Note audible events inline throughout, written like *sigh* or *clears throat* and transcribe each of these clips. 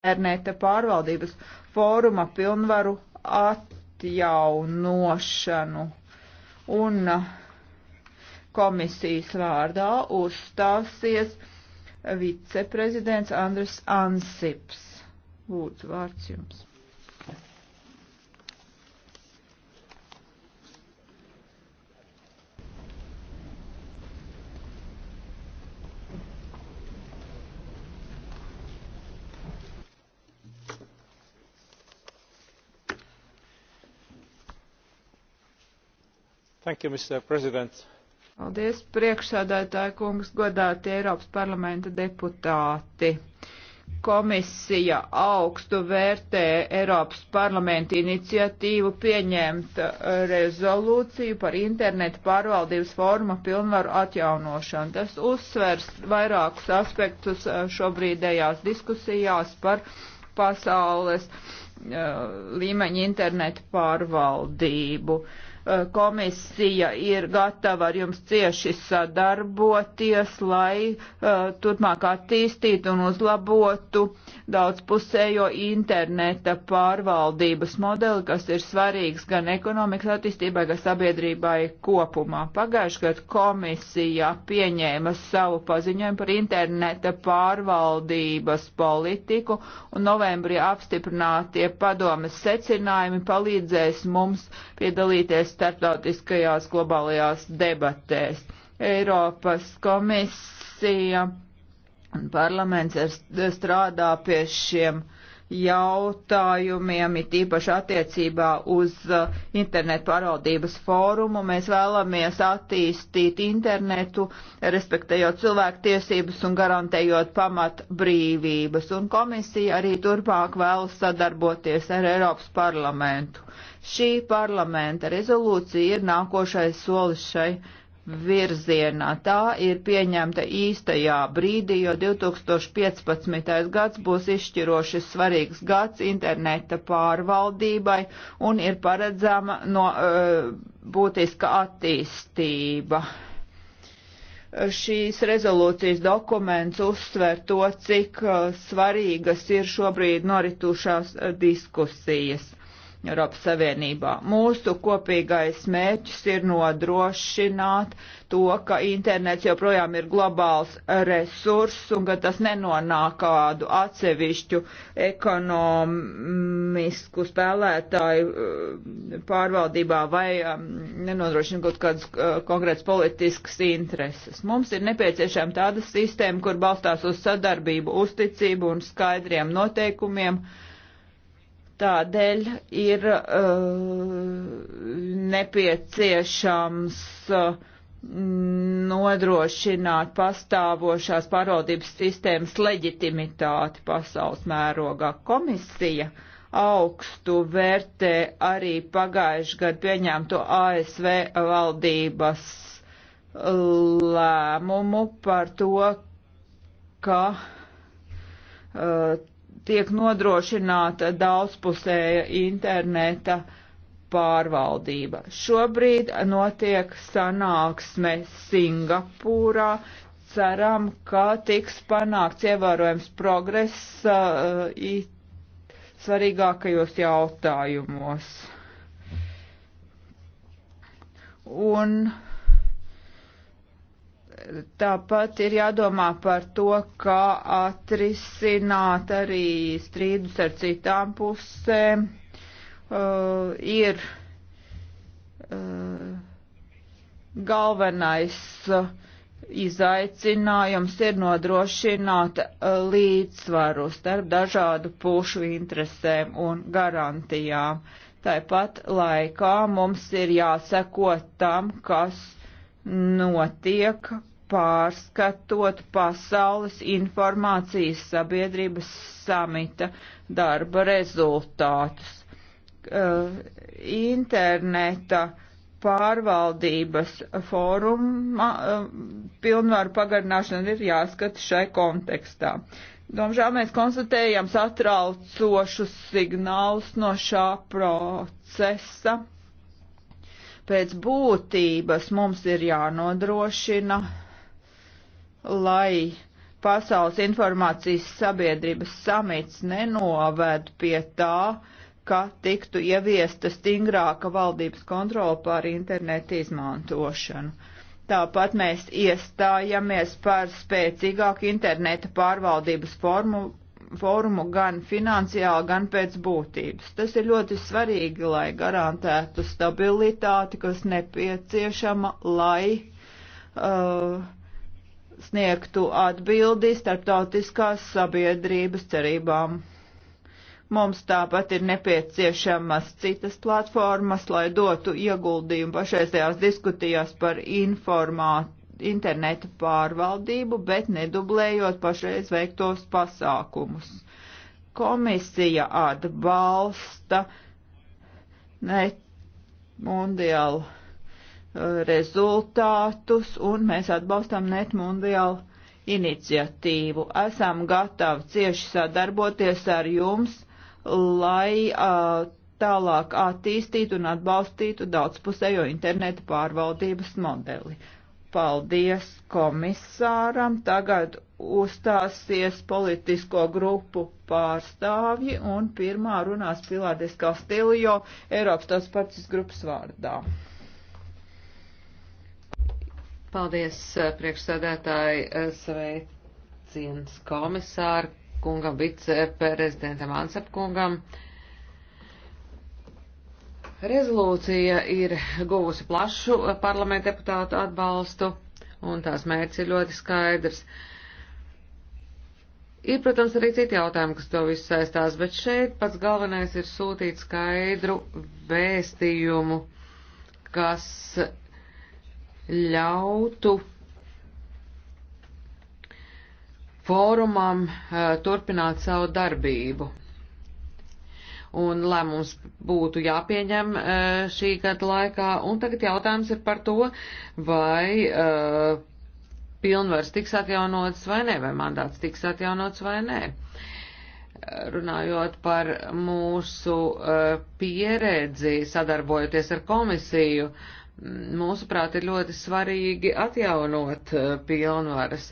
interneta pārvaldības fóruma pilnvaru atjaunošanu. Un uh, komisijas vārdā uzstāsies viceprezidents Andris Ansips. Lūdzu, vārds jums. You, Paldies, priekšsādātāja kungs, godātie Eiropas parlamenta deputāti. Komisija augstu vērtē Eiropas parlamenta iniciatīvu pieņemt uh, rezolūciju par internetu pārvaldības forma pilnvaru atjaunošanu. Tas uzsvers vairākus aspektus uh, šobrīdējās diskusijās par pasaules uh, līmeņa internetu pārvaldību. Uh, Eh, komisija ir gatava ar jums cieši sadarboties, lai uh, turpmāk attīstītu un uzlabotu daudzpusējo interneta pārvaldības modeli, kas ir svarīgs gan ekonomikas attīstībai, gan sabiedrībai kopumā. Pagājuši gadu komisija pieņēma savu paziņojumu par interneta pārvaldības politiku un novembrī apstiprinātie padomes secinājumi palīdzēs mums uh, piedalīties starptautiskajās globālajās debatēs. Eiropas komisija un parlaments strādā pie šiem uh, jautājumiem, it īpaši attiecībā uz uh, internetu pārvaldības fórumu. Mēs vēlamies attīstīt internetu, respektējot cilvēktiesības un garantējot pamat brīvības. Un komisija arī turpāk vēlas sadarboties ar Eiropas parlamentu. Šī parlamenta rezolūcija ir nākošais solis šai virzienā. Tā ir pieņemta īstajā brīdī, jo 2015. gads būs izšķiroši svarīgs gads interneta pārvaldībai un ir paredzama no, eh, būtiska attīstība. Šīs rezolūcijas dokuments uzsver to, cik eh, svarīgas ir šobrīd noritušās eh, diskusijas Eiropas Savienībā. Mūsu kopīgais mērķis ir nodrošināt to, ka internets joprojām ir globāls resurss un ka tas nenonāk kādu atsevišķu ekonomisku spēlētāju eh, pārvaldībā vai um, nenodrošina kaut kādas eh, konkrētas politiskas intereses. Mums ir nepieciešama tāda sistēma, kur balstās uz sadarbību, uzticību un skaidriem noteikumiem. Uh, Tādēļ ir uh, nepieciešams uh, nodrošināt pastāvošās pārvaldības sistēmas leģitimitāti pasaules mērogā. Komisija augstu vērtē arī pagājuši gadu pieņemto ASV valdības eh, lēmumu par to, ka uh, tiek nodrošināta daudzpusēja interneta pārvaldība. Šobrīd notiek sanāksme Singapūrā. Ceram, ka tiks panākts ievērojams progress uh, svarīgākajos jautājumos. Un Tāpat ir jādomā par to, kā atrisināt arī strīdus ar citām pusēm. Uh, ir uh, galvenais uh, izaicinājums ir nodrošināt uh, līdzsvaru starp dažādu pušu interesēm un garantijām. Tāpat laikā mums ir jāseko tam, kas notiek pārskatot pasaules informācijas sabiedrības samita darba rezultātus. Eh, interneta pārvaldības fóruma eh, pilnvaru pagarināšana ir jāskata šai kontekstā. Domžēl mēs konstatējam satraucošus signālus no šā procesa. Pēc būtības mums ir jānodrošina lai Pasaules informācijas sabiedrības samits nenoved pie tā, ka tiktu ieviesta stingrāka valdības kontrola pār internetu izmantošanu. Tāpat mēs iestājamies par spēcīgāku interneta pārvaldības formu, formu gan finansiāli, gan pēc būtības. Tas ir ļoti svarīgi, lai garantētu stabilitāti, kas nepieciešama, lai uh, sniegtu atbildi starptautiskās sabiedrības cerībām. Mums tāpat ir nepieciešamas citas platformas, lai dotu ieguldījumu pašreizējās diskutijās par informātu interneta pārvaldību, bet nedublējot pašreiz veiktos pasākumus. Komisija atbalsta ne mundiālu rezultātus un mēs atbalstam net mundiālu iniciatīvu. Esam gatavi cieši sadarboties ar jums, lai uh, tālāk attīstītu un atbalstītu daudzpusējo interneta pārvaldības modeli. Paldies komisāram. Tagad uzstāsies politisko grupu pārstāvji un pirmā runās Pilādes Kastiljo Eiropas tās partijas grupas vārdā. Paldies, eh, priekšsēdētāji, eh, sveiciens komisāru kungam, viceprezidentam Ansapkungam. Rezolūcija ir guvusi plašu eh, parlamentu deputātu atbalstu, un tās mērķis ir ļoti skaidrs. Ir, protams, arī citi jautājumi, kas to visu saistās, bet šeit pats galvenais ir sūtīt skaidru vēstījumu, kas ļautu fórumam eh, turpināt savu darbību. Un lēmums būtu jāpieņem eh, šī gada laikā. Un tagad jautājums ir par to, vai uh, pilnvars tiks atjaunots vai nē, vai mandāts tiks atjaunots vai nē. Runājot par mūsu uh, pieredzi, sadarbojoties ar komisiju, uh, mūsuprāt, ir ļoti svarīgi atjaunot eh, pilnvaras.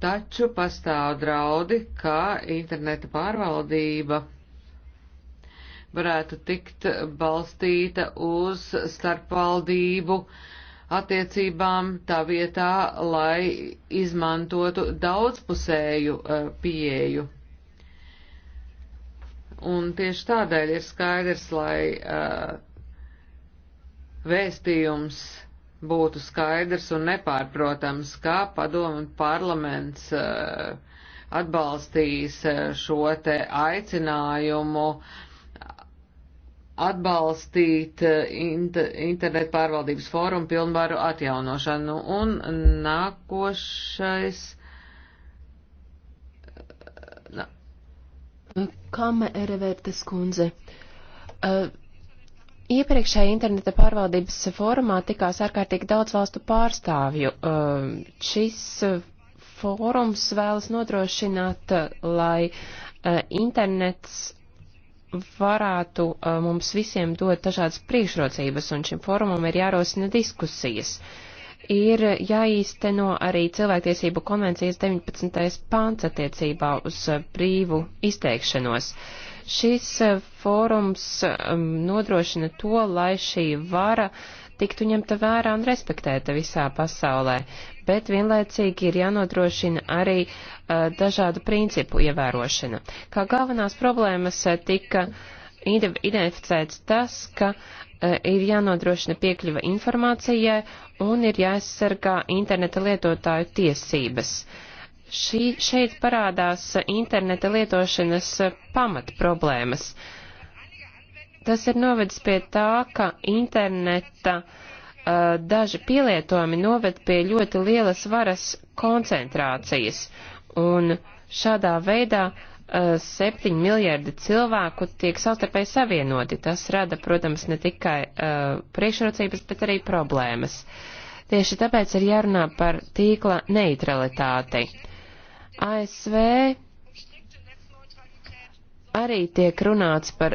Taču pastāv draudi, ka interneta pārvaldība varētu tikt balstīta uz starpvaldību attiecībām tā vietā, lai izmantotu daudzpusēju eh, pieeju. Un tieši tādēļ ir skaidrs, lai uh, vēstījums būtu skaidrs un nepārprotams, kā padomu un parlaments eh, atbalstīs eh, šo te aicinājumu atbalstīt eh, internetu pārvaldības fórumu pilnvaru atjaunošanu. Un nākošais. Kame Erevertes kundze. Uh, Iepriekšējā interneta pārvaldības fórumā tikās ārkārtīgi daudz valstu pārstāvju. Um, šis uh, fórums vēlas nodrošināt, uh, lai uh, internets varētu mums visiem dot dažādas priekšrocības, un šim fórumam ir jārosina diskusijas. Uh, ir jāīsteno arī cilvēktiesību konvencijas 19. pāns attiecībā uz eh, brīvu izteikšanos. Šis eh, fórums um, nodrošina to, lai šī vara tiktu ņemta vērā un respektēta visā pasaulē, bet vienlaicīgi ir jānodrošina arī uh, dažādu principu ievērošana. Kā galvenās problēmas tika identificēts tas, ka Eh, ir jānodrošina piekļuva informācijai un ir jāaizsargā interneta lietotāju tiesības. Šī, šeit parādās interneta lietošanas pamat problēmas. Tas ir novedis pie tā, ka interneta uh, daži pielietojumi noved pie ļoti lielas varas koncentrācijas, un šādā veidā uh, 7 eh, miljardi cilvēku tiek savstarpēji savienoti. Tas rada, protams, ne tikai uh, priekšrocības, bet arī problēmas. Tieši tāpēc ir jārunā par tīkla neutralitāti. ASV arī tiek runāts par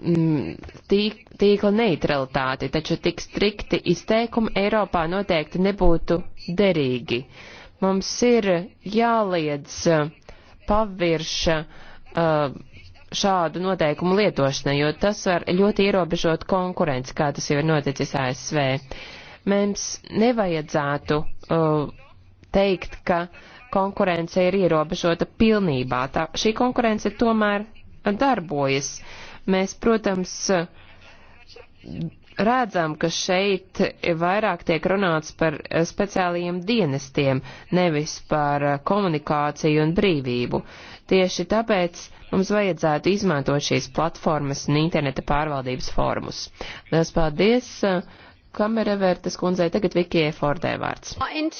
mm, tīk, tīkla neutralitāti, taču tik strikti izteikumi Eiropā noteikti nebūtu derīgi. Mums ir jāliedz uh, pavirš uh, šādu noteikumu lietošanai, jo tas var ļoti ierobežot konkurenci, kā tas jau ir noticis ASV. Mums nevajadzētu uh, teikt, ka konkurence ir ierobežota pilnībā. Tā, šī konkurence tomēr darbojas. Mēs, protams, uh, redzam, ka šeit vairāk tiek runāts par speciālajiem dienestiem, nevis par komunikāciju un brīvību. Tieši tāpēc mums vajadzētu izmantot šīs platformas un interneta pārvaldības formus. Lielas paldies! Kamerevērtas kundzei tagad Vikijai Fordē vārds. Point.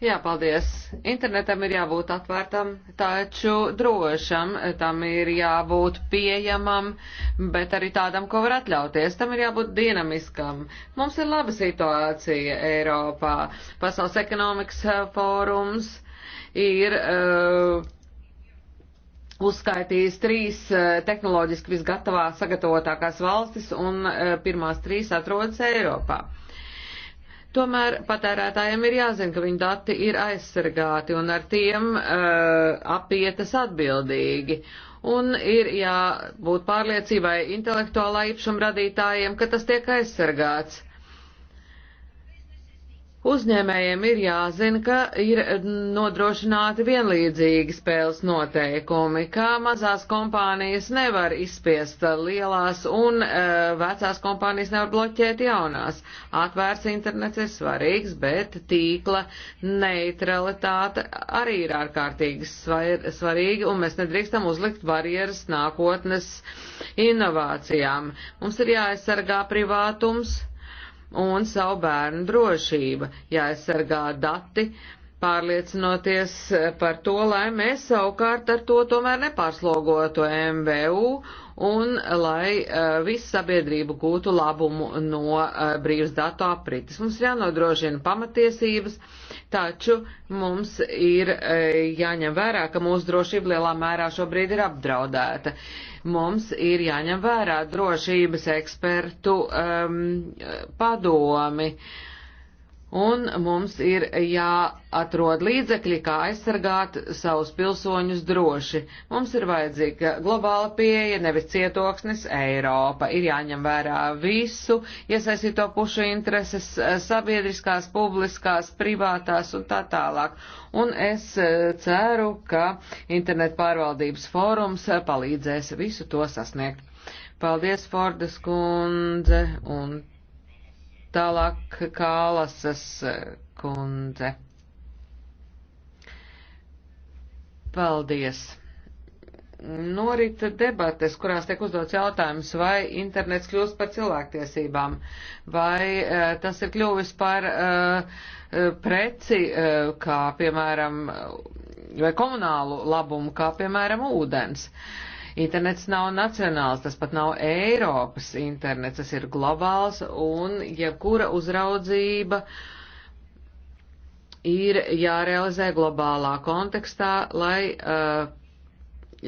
Jā, paldies. Internetam ir jābūt atvērtam, taču drošam, tam ir jābūt pieejamam, bet arī tādam, ko var atļauties. Tam ir jābūt dinamiskam. Mums ir laba situācija Eiropā. Pasaules ekonomikas eh, fórums ir. Uh, Uzskaitījis trīs eh, tehnoloģiski visgatavāk sagatavotākās valstis, un pirmās trīs atrodas Eiropā. Uh, Tomēr patērētājiem ir jāzina, ka viņu dati ir aizsargāti un ar tiem uh, apietas atbildīgi. Un ir jābūt pārliecībai intelektuālā īpašuma radītājiem, ka tas tiek aizsargāts. Uzņēmējiem ir jāzina, ka ir nodrošināti vienlīdzīgi spēles noteikumi, ka mazās kompānijas nevar izspiest lielās un uh, vecās kompānijas nevar bloķēt jaunās. Atvērts internets ir svarīgs, bet tīkla neutralitāte arī ir ārkārtīgi svar, svarīga un mēs nedrīkstam uzlikt barjeras nākotnes inovācijām. Mums ir jāaizsargā privātums un savu bērnu drošība, jāaizsargā dati, pārliecinoties par to, lai mēs savukārt ar to tomēr nepārslogotu MVU un lai uh, eh, viss sabiedrība gūtu labumu no uh, brīvas datu aprites. Mums jānodrošina pamatiesības, taču mums ir uh, jāņem vērā, ka mūsu drošība lielā mērā šobrīd ir apdraudēta. Uh, mums ir jāņem vērā drošības ekspertu um, padomi. Uh, un mums ir jāatrod līdzekļi, kā aizsargāt savus pilsoņus droši. Mums ir vajadzīga globāla pieeja, nevis cietoksnis Eiropa. Ir jāņem vērā visu iesaistīto pušu intereses, sabiedriskās, publiskās, privātās un tā tālāk. Un es e, ceru, ka internet pārvaldības fórums e, palīdzēs visu to sasniegt. Paldies, Fordas kundze, un Tālāk Kālasas kundze. Paldies! norita nu, debates, kurās tiek uzdots jautājums, vai internets kļūst par cilvēktiesībām, vai uh, tas ir kļuvis par uh, preci, uh, kā piemēram, vai komunālu labumu, kā piemēram ūdens. Uh, Internets nav nacionāls, tas pat nav Eiropas internets, tas ir globāls un jebkura ja uzraudzība ir jārealizē globālā kontekstā, lai uh,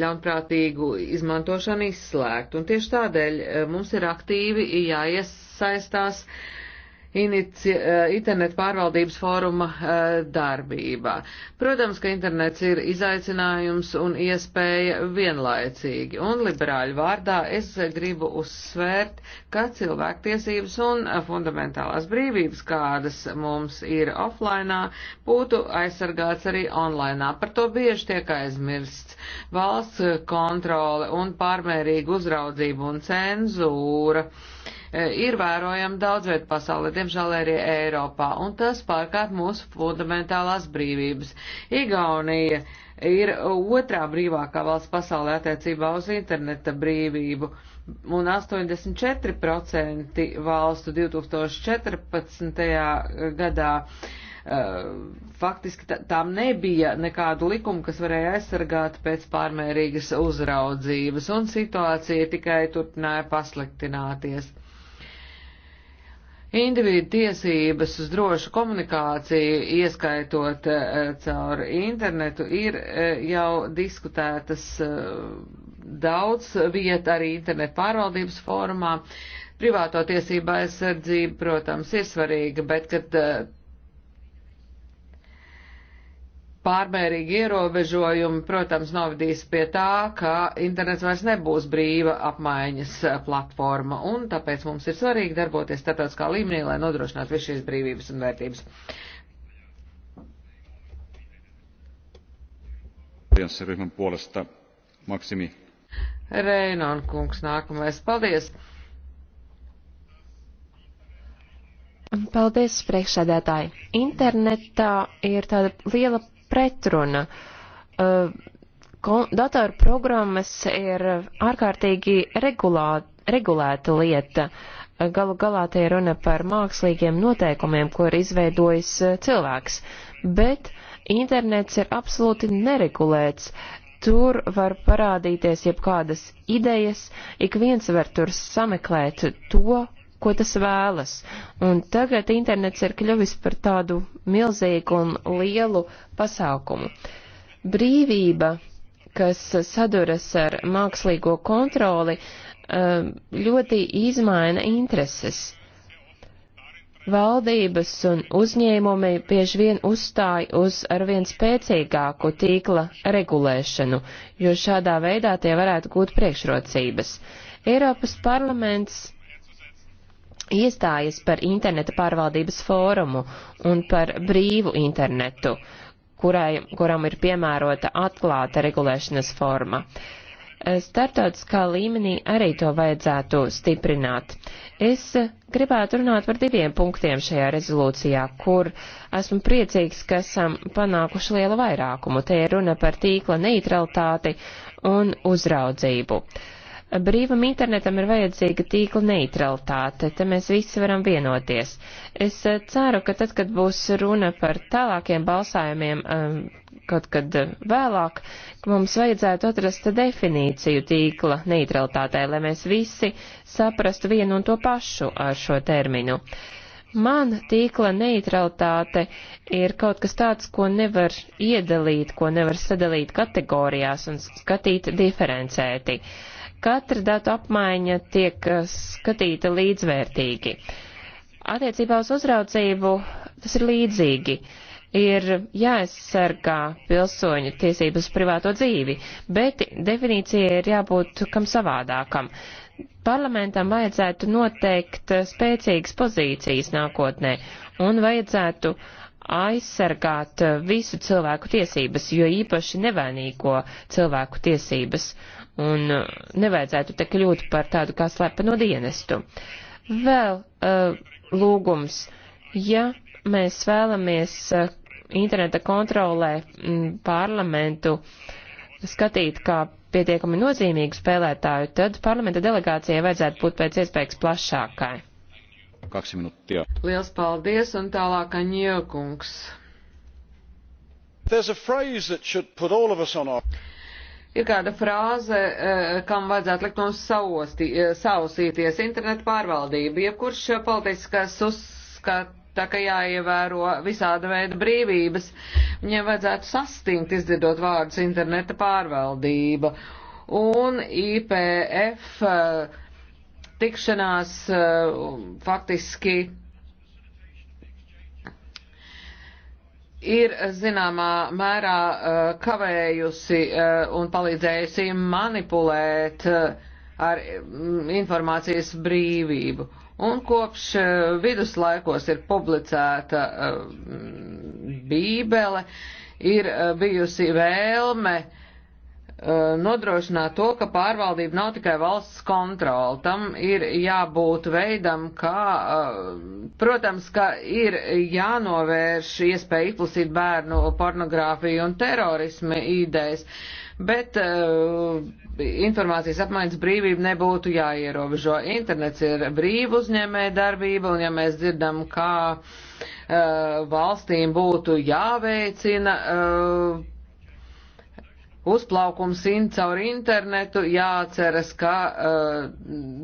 ļaunprātīgu izmantošanu izslēgt. Un tieši tādēļ uh, mums ir aktīvi jāiesaistās uh, inici, eh, internet pārvaldības fóruma eh, darbībā. Protams, ka internets ir izaicinājums un iespēja vienlaicīgi, un liberāļu vārdā es gribu uzsvērt, ka cilvēktiesības un fundamentālās brīvības, kādas mums ir offlainā, būtu aizsargāts arī onlainā. Par to bieži tiek aizmirsts valsts kontrole un pārmērīga uzraudzība un cenzūra. Uh, E, ir vērojama daudz vietu pasaulē, diemžēl arī Eiropā, un tas pārkāp mūsu fundamentālās brīvības. Igaunija ir otrā brīvākā valsts pasaulē attiecībā uz interneta brīvību, un 84% valstu 2014. gadā e, faktiski tām nebija nekādu likumu, kas varēja aizsargāt pēc pārmērīgas uzraudzības, un situācija tikai turpināja pasliktināties. Individu tiesības uz drošu komunikāciju, ieskaitot eh, caur internetu, ir eh, jau diskutētas eh, daudz viet arī internetu pārvaldības formā. Privāto tiesība aizsardzība, protams, ir svarīga, bet, kad pārmērīgi ierobežojumi, protams, novadīs pie tā, ka internets vairs nebūs brīva apmaiņas eh, platforma, un tāpēc mums ir svarīgi darboties starptautiskā līmenī, lai nodrošinātu visu šīs brīvības un vērtības. Ryhmän puolesta Maksimi. Reinon kungs nākamais. Paldies! Paldies, priekšsēdētāji. Internetā ir tāda liela pretruna. Uh, datoru programmas ir ārkārtīgi regulā, regulēta lieta. Galu galā te ir runa par mākslīgiem noteikumiem, ko ir izveidojis uh, cilvēks. Bet internets ir absolūti neregulēts. Tur var parādīties jebkādas idejas, ik viens var tur sameklēt to, ko tas vēlas. Un tagad internets ir kļuvis par tādu milzīgu un lielu pasākumu. Brīvība, kas saduras ar mākslīgo kontroli, eh, ļoti izmaina intereses. Valdības un uzņēmumi bieži vien uzstāja uz arvien spēcīgāku tīkla regulēšanu, jo šādā veidā tie varētu gūt priekšrocības. Eiropas parlaments iestājas par interneta pārvaldības fórumu un par brīvu internetu, kurai, kuram ir piemērota atklāta regulēšanas forma. Eh, Startautiskā līmenī arī to vajadzētu stiprināt. Es gribētu runāt par diviem punktiem šajā rezolūcijā, kur esmu priecīgs, ka esam panākuši lielu vairākumu. Te ir runa par tīkla neutralitāti un uzraudzību. Uh, Brīvam internetam ir vajadzīga tīkla neutralitāte, te mēs visi varam vienoties. Es eh, ceru, ka tad, kad būs runa par tālākiem balsājumiem eh, kaut kad eh, vēlāk, ka mums vajadzētu atrast definīciju tīkla neutralitātē, lai mēs visi saprastu vienu un to pašu ar šo terminu. Man tīkla neutralitāte ir kaut kas tāds, ko nevar iedalīt, ko nevar sadalīt kategorijās un skatīt diferencēti. Uh, Katra datu apmaiņa tiek eh, skatīta līdzvērtīgi. Attiecībā uz uzraudzību tas ir līdzīgi. Ir jāaizsargā pilsoņu tiesības privāto dzīvi, bet definīcija ir jābūt kam savādākam. Parlamentam vajadzētu noteikt eh, spēcīgas pozīcijas nākotnē un vajadzētu aizsargāt eh, visu cilvēku tiesības, jo īpaši nevainīgo cilvēku tiesības un uh, nevajadzētu te kļūt par tādu kā slepeno dienestu. Vēl uh, lūgums, ja mēs vēlamies uh, interneta kontrolē m, mm, parlamentu skatīt kā pietiekami nozīmīgu spēlētāju, tad parlamenta delegācijai vajadzētu būt pēc iespējas plašākai. Liels paldies un tālāk Aņiekungs. Our... Ir kāda frāze, eh, kam vajadzētu likt mums saosti, eh, sausīties - internetu pārvaldība. Jebkurš politiskās uzskata, ka jāievēro visāda veida brīvības, viņiem vajadzētu sastingt izdzirdot vārdus interneta pārvaldība. Un IPF eh, tikšanās faktiski ir zināmā mērā eh, kavējusi eh, un palīdzējusi manipulēt eh, ar mm, informācijas brīvību. Un kopš viduslaikos ir publicēta Bībele, ir bijusi vēlme uh, Eh, nodrošināt to, ka pārvaldība nav tikai valsts kontrola. Tam ir jābūt veidam, kā, eh, protams, ka ir jānovērš iespēja izplasīt bērnu pornogrāfiju un terorismu idejas, bet uh, informācijas apmaiņas brīvība nebūtu jāierobežo. Internets ir brīva uzņēmē darbība, un ja mēs dzirdam, kā uh, valstīm būtu jāveicina uh, uzplaukums in caur internetu, jāatceras, ka uh,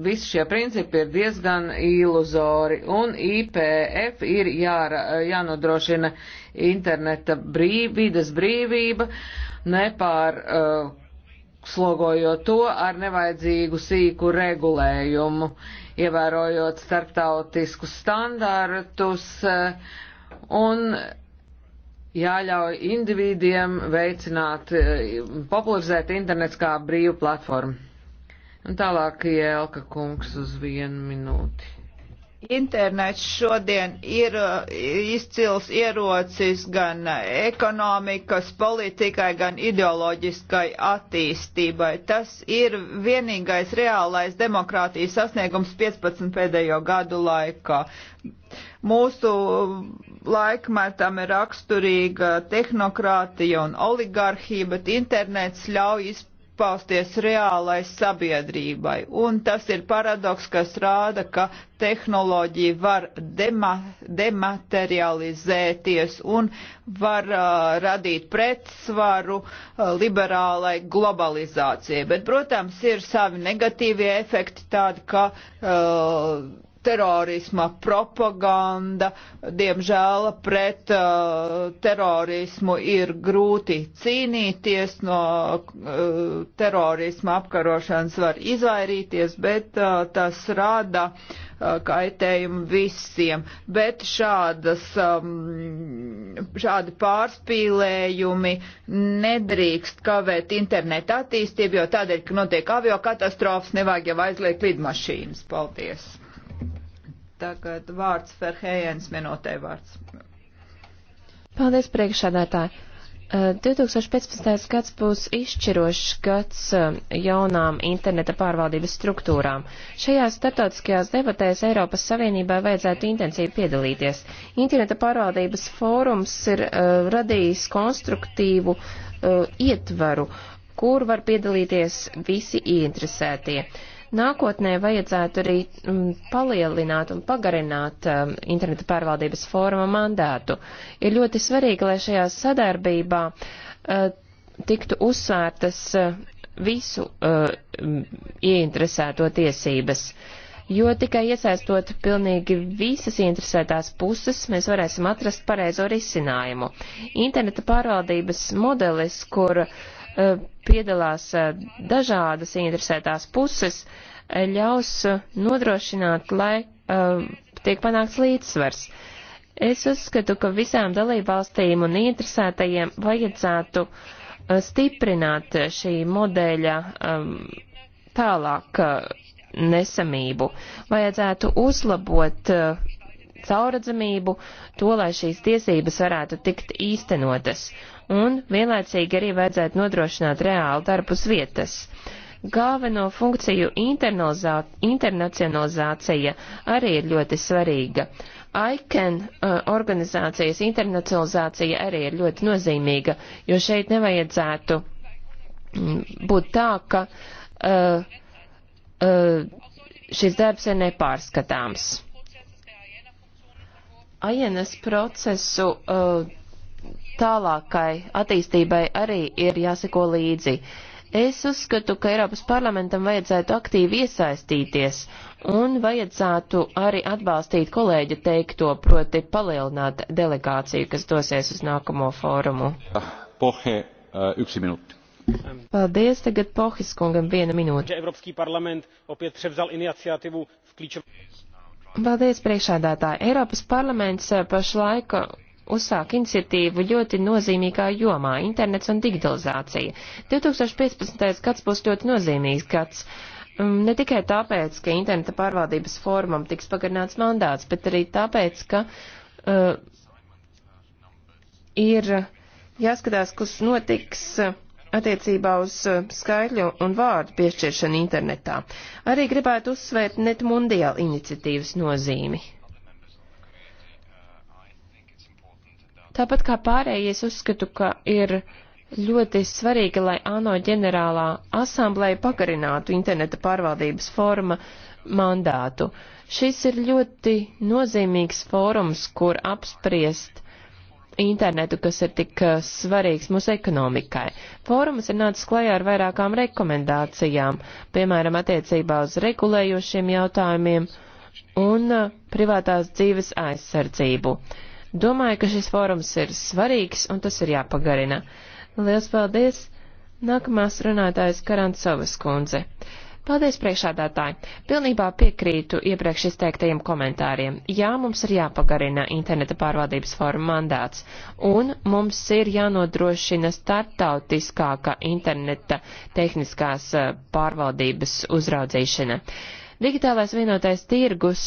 visi šie principi ir diezgan iluzori, un IPF ir jā, jānodrošina interneta brīv, vides brīvība, nepār uh, eh, slogojot to ar nevajadzīgu sīku regulējumu, ievērojot starptautiskus standartus, uh, un jāļauj individiem veicināt, eh, popularizēt internets kā brīvu platformu. Un tālāk Jēlka kungs uz vienu minūti. Internets šodien ir eh, izcils ierocis gan ekonomikas politikai, gan ideoloģiskai attīstībai. Tas ir vienīgais reālais demokrātijas sasniegums 15 pēdējo gadu laikā. Mūsu laikmetam ir raksturīga tehnokrātija un oligarhija, bet internets ļauj izpausties reālai sabiedrībai. Un tas ir paradoks, kas rāda, ka tehnoloģija var dema, dematerializēties un var uh, radīt pretsvaru uh, liberālai globalizācijai. Bet, protams, ir savi negatīvie efekti tādi, ka uh, terorisma propaganda, diemžēl pret uh, terorismu ir grūti cīnīties, no uh, terorisma apkarošanas var izvairīties, bet uh, tas rada uh, kaitējumu visiem. Bet šādas, um, šādi pārspīlējumi nedrīkst kavēt internetu attīstību, jo tādēļ, ka notiek avio katastrofas, nevajag jau aizliegt lidmašīnas. Paldies! Tagad vārds Ferhējens minūtē vārds. Paldies, priekšādātāji. 2015. gads būs izšķirošs gads jaunām interneta pārvaldības struktūrām. Šajās startautiskajās debatēs Eiropas Savienībai vajadzētu intensīvi piedalīties. Interneta pārvaldības fórums ir uh, radījis konstruktīvu uh, ietvaru, kur var piedalīties visi ieinteresētie. Uh, Nākotnē vajadzētu arī mm, palielināt un pagarināt um, interneta pārvaldības fóruma mandātu. Ir ļoti svarīgi, lai šajā sadarbībā uh, tiktu uzsvērtas uh, visu uh, ieinteresēto tiesības. Jo tikai iesaistot pilnīgi visas interesētās puses, mēs varēsim atrast pareizo risinājumu. Interneta pārvaldības modelis, kur uh, E, piedalās e, dažādas interesētās puses, e, ļaus nodrošināt, lai tiek panākts līdzsvars. Es uzskatu, ka visām dalībvalstīm un interesētajiem vajadzētu stiprināt šī modeļa um, tālāk nesamību. Vajadzētu uzlabot uh, cauradzamību, to, lai šīs tiesības varētu tikt īstenotas, un vienlaicīgi arī vajadzētu nodrošināt reāli darbus vietas. Galveno funkciju internacionalizācija arī ir ļoti svarīga. ICAN uh, organizācijas internacionalizācija arī ir ļoti nozīmīga, jo šeit nevajadzētu mm, būt tā, ka uh, uh, šis darbs ir nepārskatāms. Aienes procesu uh, tālākai attīstībai arī ir jāseko līdzi. Es uzskatu, ka Eiropas parlamentam vajadzētu aktīvi iesaistīties un vajadzētu arī atbalstīt kolēģi teikto, proti palielināt delegāciju, kas dosies uz nākamo fórumu. Pohe, uh, yksi minūte. Paldies, tagad Pohis kungam viena minūte. Paldies, priekšādātāji. Eiropas parlaments eh, pašlaik eh, uzsāk iniciatīvu ļoti nozīmīgā jomā - internets un digitalizācija. 2015. gads būs ļoti nozīmīgs gads. Mm, ne tikai tāpēc, ka interneta pārvaldības formam tiks pagarināts mandāts, bet arī tāpēc, ka uh, ir jāskatās, kas notiks. Uh, attiecībā uz eh, skaitļu un vārdu piešķiršanu internetā. Arī gribētu uzsvērt net mundiāla iniciatīvas nozīmi. Tāpat kā pārējais uzskatu, ka ir ļoti svarīgi, lai ANO ģenerālā asamblēja pagarinātu interneta pārvaldības forma mandātu. Šis ir ļoti nozīmīgs fórums, kur apspriest internetu, kas ir tik eh, svarīgs mūsu ekonomikai. Fórums ir nācis klajā ar vairākām rekomendācijām, piemēram, attiecībā uz regulējošiem jautājumiem un eh, privātās dzīves aizsardzību. Domāju, ka šis fórums ir svarīgs un tas ir jāpagarina. Lielas paldies! Nākamās runātājs Karantsovas kundze. Paldies, priekšādātāji! Pilnībā piekrītu iepriekš izteiktajiem komentāriem. Jā, mums ir jāpagarina interneta pārvaldības forma mandāts, un mums ir jānodrošina startautiskāka interneta tehniskās eh, pārvaldības uzraudzīšana. Digitālais vienotais tirgus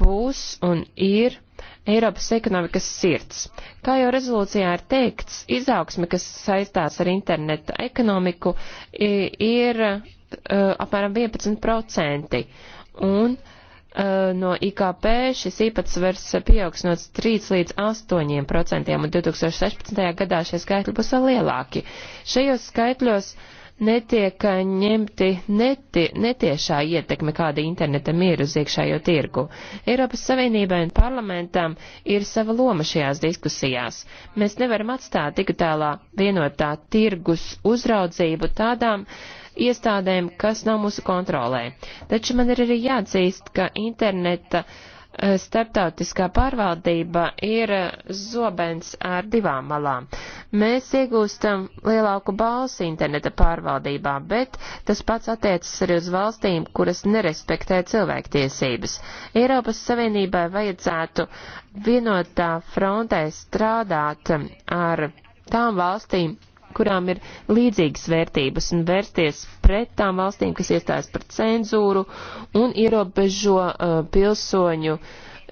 būs un ir Eiropas ekonomikas sirds. Kā jau rezolūcijā ir teikts, izaugsme, kas saistās ar interneta ekonomiku, ir uh, apmēram 11%. Un uh, no IKP šis īpatsvars pieaugs no 3 līdz 8%, un 2016. gadā šie skaitļi būs vēl lielāki. Šajos skaitļos netiek uh, ņemti neti, netiešā ietekme, kāda internetam ir uz iekšējo tirgu. Eiropas Savienībai un parlamentam ir sava loma šajās diskusijās. Mēs nevaram atstāt digitālā vienotā tirgus uzraudzību tādām uh, iestādēm, kas nav mūsu kontrolē. Taču man ir arī jāatzīst, ka interneta eh, starptautiskā pārvaldība ir eh, zobens ar divām malām. Mēs iegūstam lielāku balsi interneta pārvaldībā, bet tas pats attiecas arī uz valstīm, kuras nerespektē cilvēktiesības. Eiropas Savienībai vajadzētu vienotā frontē strādāt eh, ar tām valstīm, kurām ir līdzīgas vērtības un vērsties pret tām valstīm, kas iestājas par cenzūru un ierobežo uh, pilsoņu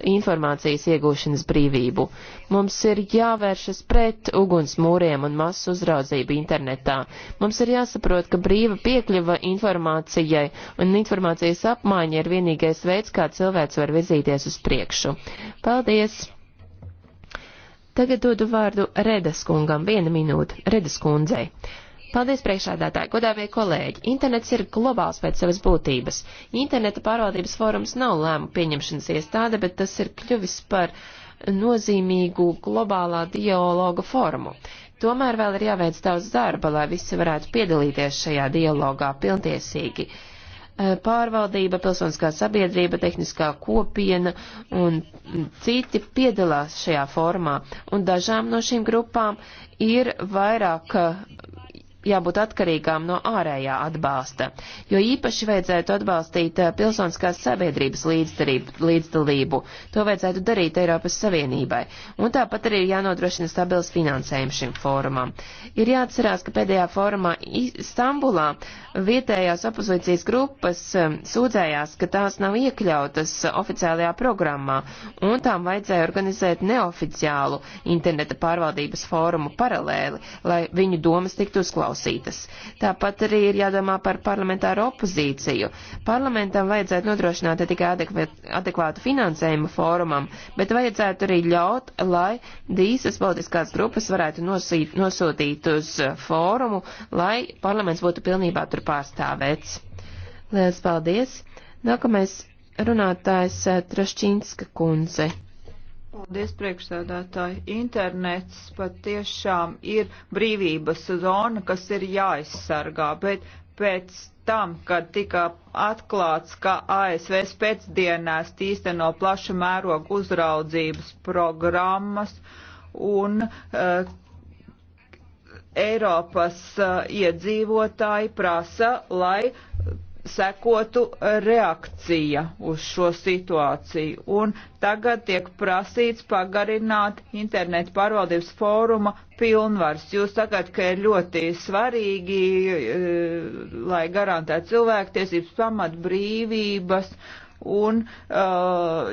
informācijas iegūšanas brīvību. Mums ir jāvēršas pret ugunsmūriem un masu uzraudzību internetā. Mums ir jāsaprot, ka brīva piekļuva informācijai un informācijas apmaiņa ir vienīgais veids, kā cilvēks var virzīties uz priekšu. Paldies! Tagad dodu vārdu Redas kungam. Viena minūte. Redas kundzei. Paldies, priekšādātāji, godāvie kolēģi! Internets ir globāls pēc savas būtības. Interneta pārvaldības fórums nav lēmu pieņemšanas iestāde, bet tas ir kļuvis par nozīmīgu globālā dialoga formu. Tomēr vēl ir jāveic daudz darba, lai visi varētu piedalīties šajā dialogā pilntiesīgi. Uh, Eh, pārvaldība, pilsoniskā sabiedrība, tehniskā kopiena un citi piedalās šajā formā. Un dažām no šīm grupām ir vairāk eh, jābūt atkarīgām no ārējā atbalsta, jo īpaši vajadzētu atbalstīt pilsoniskās sabiedrības līdzdalību. To vajadzētu darīt Eiropas Savienībai. Un tāpat arī ir jānodrošina stabils finansējums šim fórumam. Ir jāatcerās, ka pēdējā fórumā Istambulā vietējās opozīcijas grupas sūdzējās, ka tās nav iekļautas oficiālajā programmā, un tām vajadzēja organizēt neoficiālu interneta pārvaldības fórumu paralēli, lai viņu domas tiktu uzklausītas uzklausītas. Tāpat arī ir jādomā par parlamentāru opozīciju. Parlamentam vajadzētu nodrošināt ne tikai adekvātu finansējumu fórumam, bet vajadzētu arī ļaut, lai visas politiskās grupas varētu nosīt, nosūtīt uz fórumu, lai parlaments būtu pilnībā tur pārstāvēts. Lielas paldies! Nākamais runātājs eh, Traščīnska kundze. Paldies, priekšsēdētāji. Internets patiešām ir brīvības zona, kas ir jāaizsargā, bet pēc tam, kad tika atklāts, ka ASV spēcdienās īsteno plaša mēroga uzraudzības programmas un uh, Eiropas uh, iedzīvotāji prasa, lai sekotu reakcija uz šo situāciju. Un tagad tiek prasīts pagarināt internetu pārvaldības fóruma pilnvars. Jūs sakat, ka ir ļoti svarīgi, e, lai garantētu cilvēktiesības pamat brīvības. Un uh,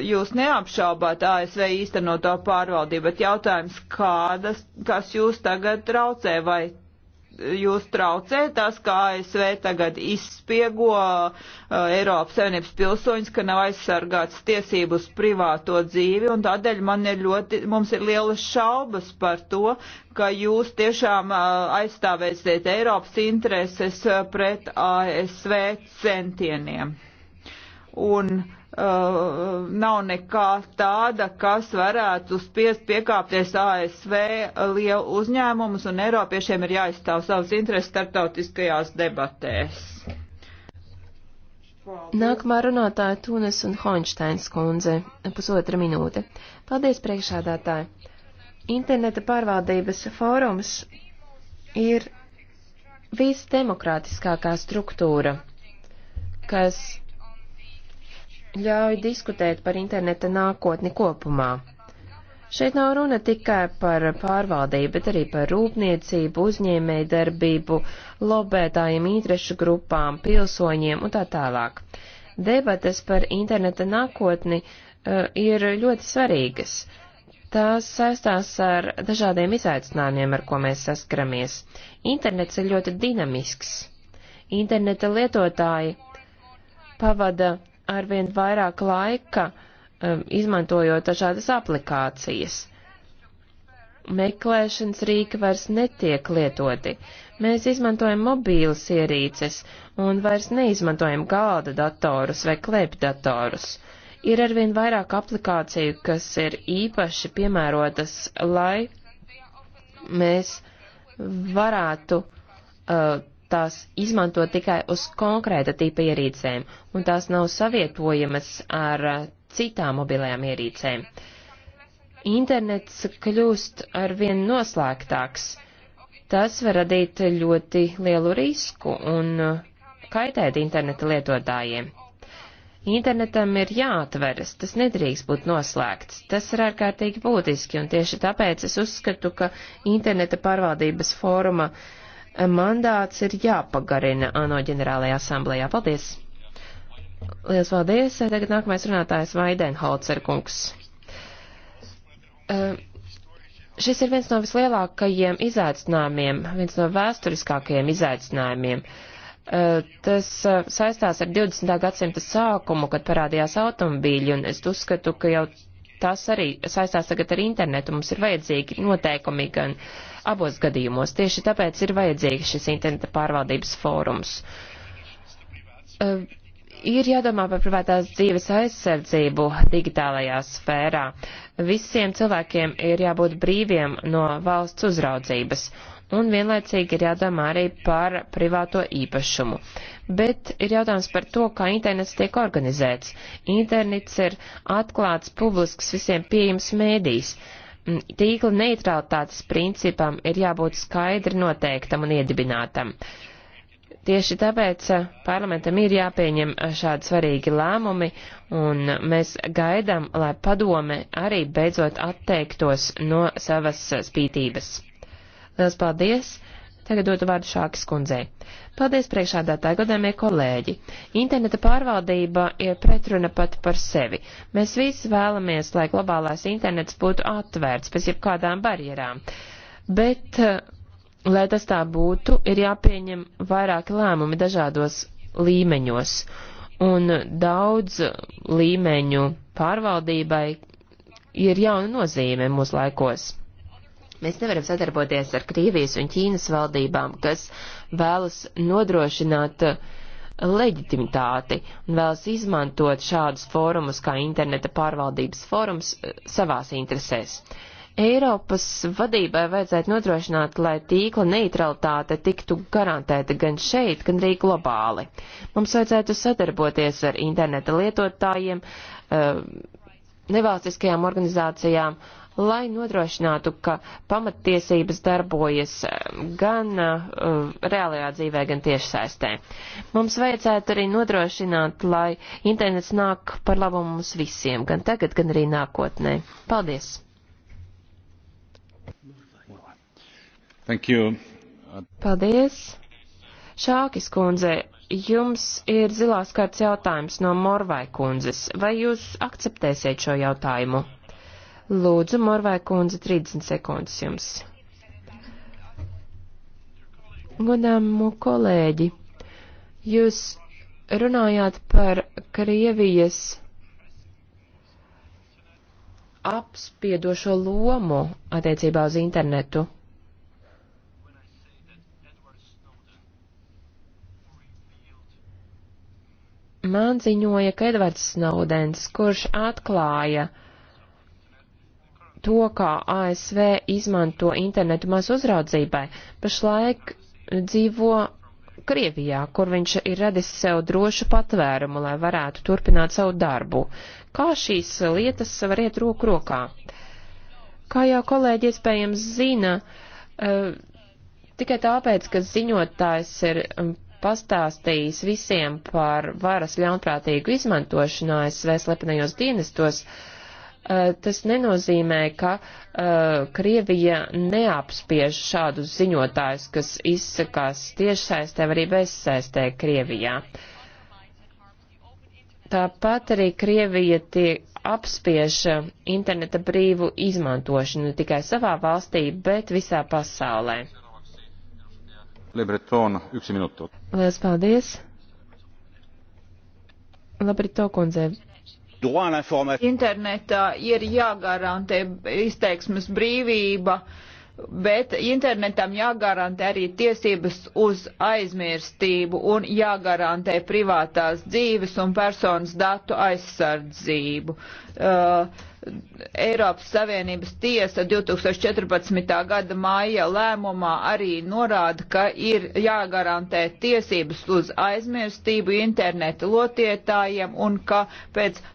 jūs neapšaubāt ASV īstenoto pārvaldību, bet jautājums, kādas, kas jūs tagad traucē, vai jūs traucē tas, kā ASV tagad izspiego uh, Eiropas Savienības pilsoņus, ka nav aizsargāts tiesības privāto dzīvi, un tādēļ man ir ļoti, mums ir lielas šaubas par to, ka jūs tiešām uh, aizstāvēsiet Eiropas intereses uh, pret ASV centieniem. Un, uh, uh, nav nekā tāda, kas varētu spiest piekāpties ASV lielu uzņēmumus, un Eiropiešiem ir jāizstāv savas intereses starptautiskajās debatēs. Nākamā runātāja Tunes un Hoņšteins kundze, pusotra minūte. Paldies priekšādātāji. Interneta pārvaldības fórums ir visdemokrātiskākā struktūra, kas ļauj diskutēt par interneta nākotni kopumā. Šeit nav runa tikai par pārvaldību, bet arī par rūpniecību, uzņēmēju darbību, lobētājiem, ītrešu grupām, pilsoņiem un tā tālāk. Debates par interneta nākotni uh, ir ļoti svarīgas. Tās saistās ar dažādiem izaicinājumiem, ar ko mēs saskaramies. Internets ir ļoti dinamisks. Interneta lietotāji pavada arvien vairāk laika um, izmantojot dažādas aplikācijas. Meklēšanas rīka vairs netiek lietoti. Mēs izmantojam mobīlas ierīces un vairs neizmantojam galda datorus vai klēpdatorus. Ir arvien vairāk aplikāciju, kas ir īpaši piemērotas, lai mēs varētu uh, tās izmanto tikai uz konkrēta tipa ierīcēm, un tās nav savietojamas ar uh, citām mobilajām ierīcēm. Internets kļūst arvien noslēgtāks. Tas var radīt ļoti lielu risku un uh, kaitēt interneta lietotājiem. Internetam ir jāatveras, tas nedrīkst būt noslēgts. Tas ir ārkārtīgi būtiski, un tieši tāpēc es uzskatu, ka interneta pārvaldības fóruma uh, mandāts ir jāpagarina ANO ģenerālajā asamblējā. Paldies! Lielas paldies! Tagad nākamais runātājs Vaidenholcer kungs. Uh, šis ir viens no vislielākajiem izaicinājumiem, viens no vēsturiskākajiem izaicinājumiem. Uh, tas uh, saistās ar 20. gadsimta sākumu, kad parādījās automobīļi, un es uzskatu, ka jau tas arī saistās tagad ar internetu. Mums ir vajadzīgi noteikumi gan uh, abos gadījumos. Tieši tāpēc ir vajadzīgs šis interneta pārvaldības fórums. Uh, ir jādomā par privātās dzīves aizsardzību digitālajā sfērā. Visiem cilvēkiem ir jābūt brīviem no valsts uzraudzības, un vienlaicīgi ir jādomā arī par privāto īpašumu. Bet ir jautājums par to, kā internets tiek organizēts. Internets ir atklāts, publisks, visiem pieejams mēdīs. Mm, tīkla neutralitātes principam ir jābūt skaidri noteiktam un iedibinātam. Tieši tāpēc eh, parlamentam ir jāpieņem eh, šādi svarīgi lēmumi, un mēs gaidām, lai padome arī beidzot atteiktos no savas eh, spītības. Lielas paldies! Tagad dodu vārdu Šākas kundzei. Paldies priekšādātāji, godāmie kolēģi. Interneta pārvaldība ir pretruna pat par sevi. Mēs visi vēlamies, lai globālais internets būtu atvērts bez jebkādām barjerām. Bet, eh, lai tas tā būtu, ir jāpieņem vairāki lēmumi dažādos līmeņos. Un daudz līmeņu pārvaldībai ir jauna nozīme mūsu laikos. Mēs nevaram sadarboties ar Krievijas un Ķīnas valdībām, kas vēlas nodrošināt uh, leģitimitāti un vēlas izmantot šādus fórumus kā interneta pārvaldības fórums uh, savās interesēs. Eiropas vadībai vajadzētu nodrošināt, lai tīkla neutralitāte tiktu garantēta gan šeit, gan arī globāli. Mums vajadzētu sadarboties ar interneta lietotājiem, uh, nevalstiskajām organizācijām lai nodrošinātu, ka pamattiesības darbojas eh, gan uh, reālajā dzīvē, gan tiešsaistē. Mums vajadzētu arī nodrošināt, lai internets nāk par labu mums visiem, gan tagad, gan arī nākotnē. Paldies! Thank you. Paldies! Šākis kundze, jums ir zilās kārtas jautājums no Morvai kundzes. Vai jūs akceptēsiet šo jautājumu? Lūdzu, Morvai kundze, 30 sekundes jums. Godāmu kolēģi, jūs runājāt par Krievijas apspiedošo lomu attiecībā uz internetu. Man ziņoja, ka Edvards Snowdens, kurš atklāja uh, to, kā ASV izmanto internetu maz uzraudzībai, pašlaik dzīvo Krievijā, kur viņš ir radis sev drošu patvērumu, lai varētu turpināt savu darbu. Kā šīs lietas var iet roku rokā? Kā jau kolēģi iespējams zina, uh, tikai tāpēc, ka ziņotājs ir um, pastāstījis visiem par varas ļaunprātīgu izmantošanu ASV slepenajos dienestos, uh, Eh, tas nenozīmē, ka uh, Krievija neapspiež šādus ziņotājus, kas izsakās tiešsaistē vai arī bezsaistē Krievijā. Tāpat arī Krievija tiek apspiež interneta brīvu izmantošanu ne tikai savā valstī, bet visā pasaulē. Lebreton, yksi minuutti. Lielas paldies. Labrito, kundze, Internetā ir jāgarantē izteiksmes brīvība, bet internetam jāgarantē arī tiesības uz aizmirstību un jāgarantē privātās dzīves un personas datu aizsardzību. Uh, Eiropas Savienības tiesa 2014. gada māja lēmumā arī norāda, ka ir jāgarantē tiesības uz aizmirstību interneta lotietājiem un ka pēc uh,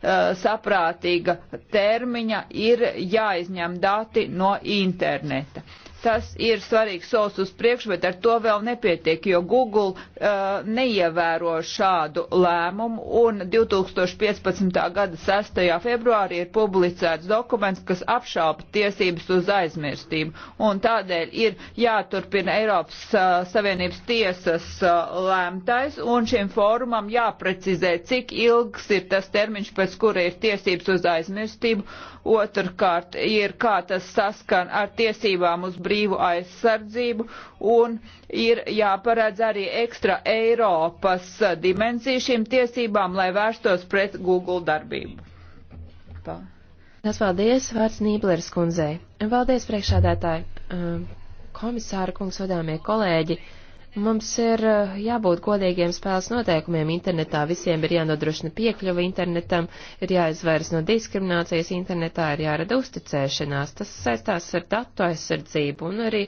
saprātīga termiņa ir jāizņem dati no interneta. Uh, Tas ir svarīgs solis uz priekšu, bet ar to vēl nepietiek, jo Google uh, neievēro šādu lēmumu un 2015. gada 6. februārī ir publicēts dokuments, kas apšaupa tiesības uz aizmirstību. Un tādēļ ir jāturpina Eiropas uh, Savienības tiesas uh, lēmtais un šim fórumam jāprecizē, cik ilgs ir tas termiņš, pēc kura ir tiesības uz aizmirstību otrkārt ir kā tas saskan ar tiesībām uz brīvu aizsardzību un ir jāparedz arī ekstra Eiropas dimensija šīm tiesībām, lai vērstos pret Google darbību. Tā. Tas paldies vārds Nībleres kundzei. Paldies priekšādētāji, komisāra kungs, vadāmie kolēģi. Mums ir eh, jābūt godīgiem spēles noteikumiem internetā, visiem ir jānodrošina piekļuva internetam, ir jāizvairas no diskriminācijas internetā, ir jārada uzticēšanās. Tas saistās ar datu aizsardzību un arī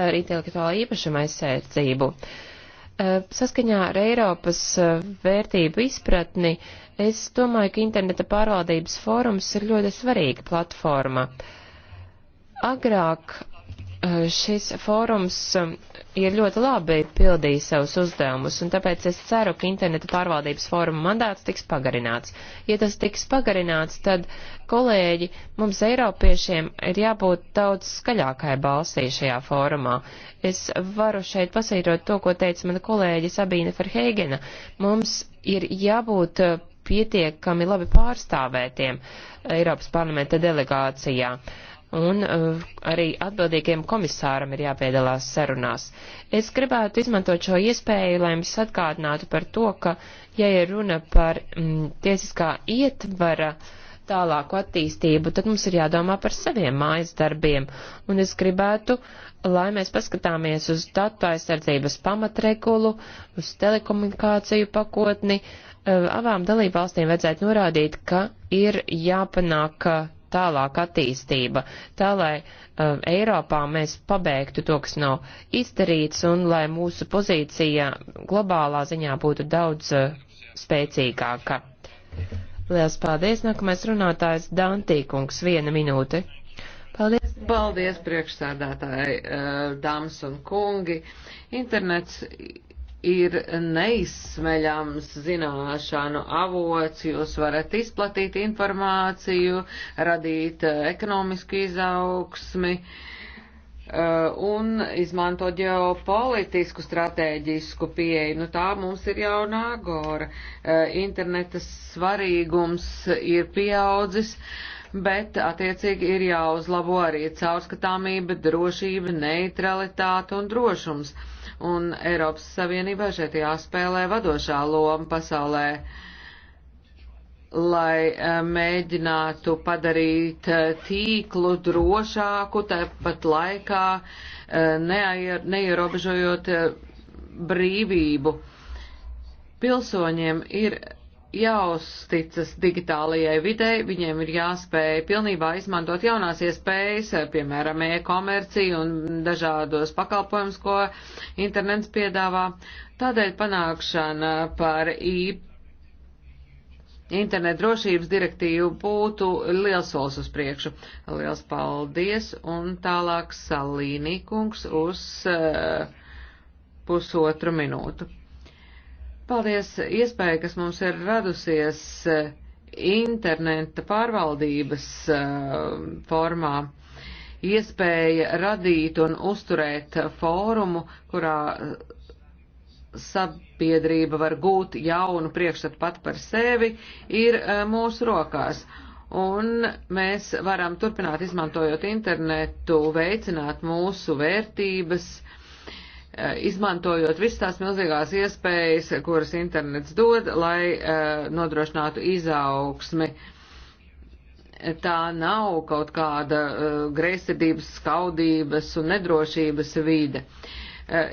ar intelektuālo īpašumu aizsardzību. Eh, saskaņā ar Eiropas eh, vērtību izpratni, es domāju, ka interneta pārvaldības fórums ir ļoti svarīga platforma. Agrāk Eh, šis fórums eh, ir ļoti labi pildījis savus uzdevumus, un tāpēc es ceru, ka interneta pārvaldības fóruma mandāts tiks pagarināts. Ja tas tiks pagarināts, tad, kolēģi, mums Eiropiešiem ir jābūt daudz skaļākai balsī šajā fórumā. Es varu šeit pasvītrot to, ko teica mana kolēģe Sabīna Ferheigena. Mums ir jābūt eh, pietiekami labi pārstāvētiem Eiropas parlamenta delegācijā. Uh, un uh, arī atbildīgiem komisāram ir jāpiedalās sarunās. Es gribētu izmantot šo iespēju, lai jums atgādinātu par to, ka, ja ir runa par mm, tiesiskā ietvara tālāku attīstību, tad mums ir jādomā par saviem mājas darbiem, un es gribētu, lai mēs paskatāmies uz datu aizsardzības pamatregulu, uz telekomunikāciju pakotni, uh, abām dalībvalstīm vajadzētu norādīt, ka ir jāpanāk eh, tālāk attīstība, tā lai uh, Eiropā mēs pabeigtu to, kas nav izdarīts, un lai mūsu pozīcija globālā ziņā būtu daudz uh, spēcīgāka. Lielas paldies, nākamais runātājs Dantīkungs, viena minūte. Paldies! Paldies, priekšsēdētāji, uh, dāmas un kungi! Internets ir neizsmeļams zināšanu avots, jūs varat izplatīt informāciju, radīt eh, ekonomisku izaugsmi eh, un izmantot ģeopolitisku stratēģisku pieeju. Nu, tā mums ir jaunā agora. Eh, interneta svarīgums ir pieaudzis bet attiecīgi ir jāuzlabo arī caurskatāmība, drošība, neutralitāte un drošums. Un Eiropas Savienībā šeit jāspēlē vadošā loma pasaulē, lai eh, mēģinātu padarīt eh, tīklu drošāku, tāpat laikā eh, neierobežojot brīvību. Pilsoņiem ir jāuzticas digitālajai videi, viņiem ir jāspēj pilnībā izmantot jaunās iespējas, piemēram, e-komerciju un dažādos pakalpojumus, ko internets piedāvā. Tādēļ panākšana par IP internetu drošības direktīvu būtu liels solis uz priekšu. Liels paldies un tālāk Salīnī kungs uz uh, pusotru minūtu. Paldies iespēja, kas mums ir radusies eh, interneta pārvaldības eh, formā. Iespēja radīt un uzturēt fórumu, kurā eh, sabiedrība var gūt jaunu priekšstatu pat par sevi, ir mūsu rokās. Un mēs varam turpināt, izmantojot internetu, veicināt mūsu vērtības, uh, Eh, izmantojot visas tās milzīgās iespējas, kuras internets dod, lai eh, nodrošinātu izaugsmi. Tā nav kaut kāda eh, greizsirdības, skaudības un nedrošības vīde.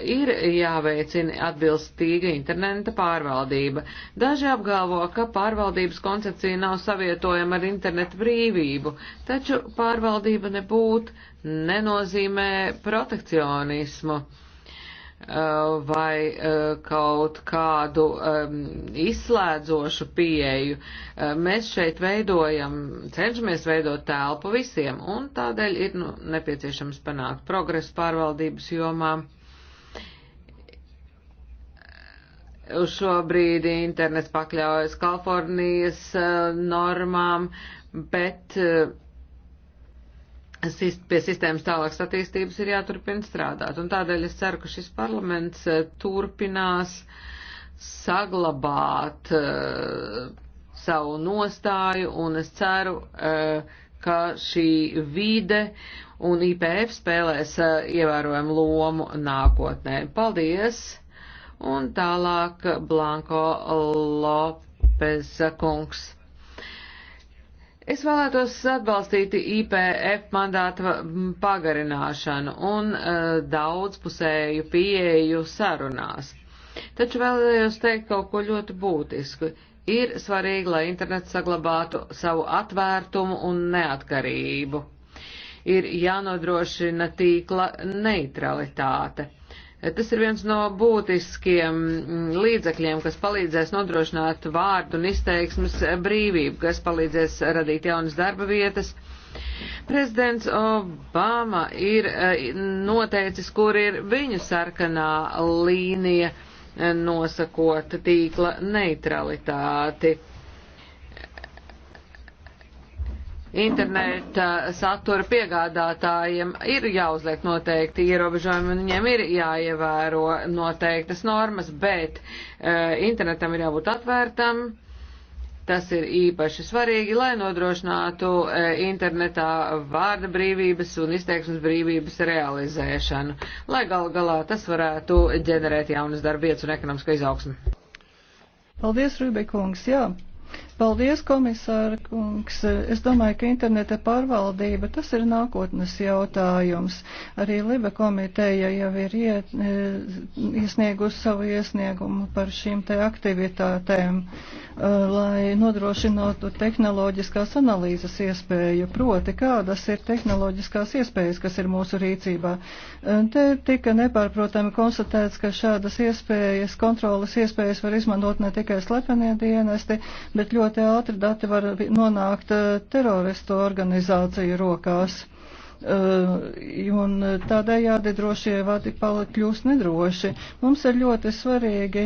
Ir jāveicina atbilstīga interneta pārvaldība. Daži apgalvo, ka pārvaldības koncepcija nav savietojama ar interneta brīvību, taču pārvaldība nebūtu nenozīmē protekcionismu. Uh, Uh, vai uh, kaut kādu um, izslēdzošu pieeju. Uh, mēs šeit veidojam, cenšamies veidot telpu visiem, un tādēļ ir nu, nepieciešams panākt progresu pārvaldības jomā. Šobrīd internets pakļaujas Kalifornijas normām, bet uh, pie sistēmas tālākas attīstības ir jāturpina strādāt. Un tādēļ es ceru, ka šis parlaments eh, turpinās saglabāt uh, savu nostāju, un es ceru, uh, ka šī vide un IPF spēlēs uh, ievērojumu lomu nākotnē. Paldies! Un tālāk Blanko Lopeza kungs. Es vēlētos atbalstīt IPF mandāta pagarināšanu un uh, daudzpusēju pieeju sarunās. Taču vēlējos teikt kaut ko ļoti būtisku. Ir svarīgi, lai internets saglabātu savu atvērtumu un neatkarību. Ir jānodrošina tīkla neutralitāte. Tas ir viens no būtiskiem mm, līdzekļiem, kas palīdzēs nodrošināt vārdu un izteiksmes brīvību, kas palīdzēs radīt jaunas darba vietas. Prezidents Obama ir eh, noteicis, kur ir viņa sarkanā līnija, eh, nosakot tīkla neutralitāti. interneta satura piegādātājiem ir jāuzliek noteikti ierobežojumi un viņiem ir jāievēro noteiktas normas, bet uh, internetam ir jābūt atvērtam. Tas ir īpaši svarīgi, lai nodrošinātu uh, internetā vārda brīvības un izteiksmes brīvības realizēšanu, lai gal galā tas varētu ģenerēt jaunas darbietas un ekonomisko izaugsmu. Paldies, Rūbekungs, jā. Paldies, komisāra kungs. Es domāju, ka interneta pārvaldība tas ir nākotnes jautājums. Arī Liba komiteja jau ir iet, e, iesniegusi savu iesniegumu par šīm te aktivitātēm, e, lai nodrošinātu tehnoloģiskās analīzes iespēju, proti, kādas ir tehnoloģiskās iespējas, kas ir mūsu rīcībā. E, te tika nepārprotami konstatēts, ka šādas iespējas, kontrolas iespējas var izmantot ne tikai slepenie dienesti, bet ļoti ļoti ātri dati var nonākt eh, teroristu organizāciju rokās. Uh, un tādējādi drošie vadi kļūst nedroši. Mums ir ļoti svarīgi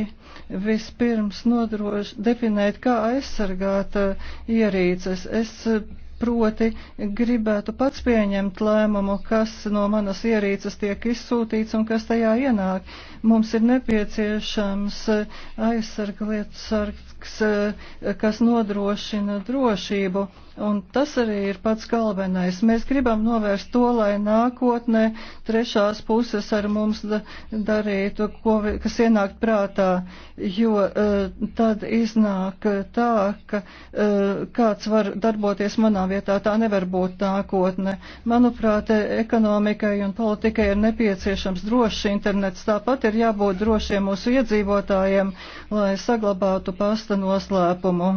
vispirms nodroši, definēt, kā aizsargāt uh, ierīces. Es uh, proti gribētu pats pieņemt lēmumu, kas no manas ierīces tiek izsūtīts un kas tajā ienāk. Mums ir nepieciešams aizsarglietu sargt risks, eh, kas nodrošina drošību. Un tas arī ir pats galvenais. Mēs gribam novērst to, lai nākotnē trešās puses ar mums darītu, ko, kas ienāk prātā, jo uh, tad iznāk tā, ka uh, kāds var darboties manā vietā, tā nevar būt nākotne. Manuprāt, e, ekonomikai un politikai ir nepieciešams drošs internets, tāpat ir jābūt drošiem mūsu iedzīvotājiem, lai saglabātu pasta noslēpumu.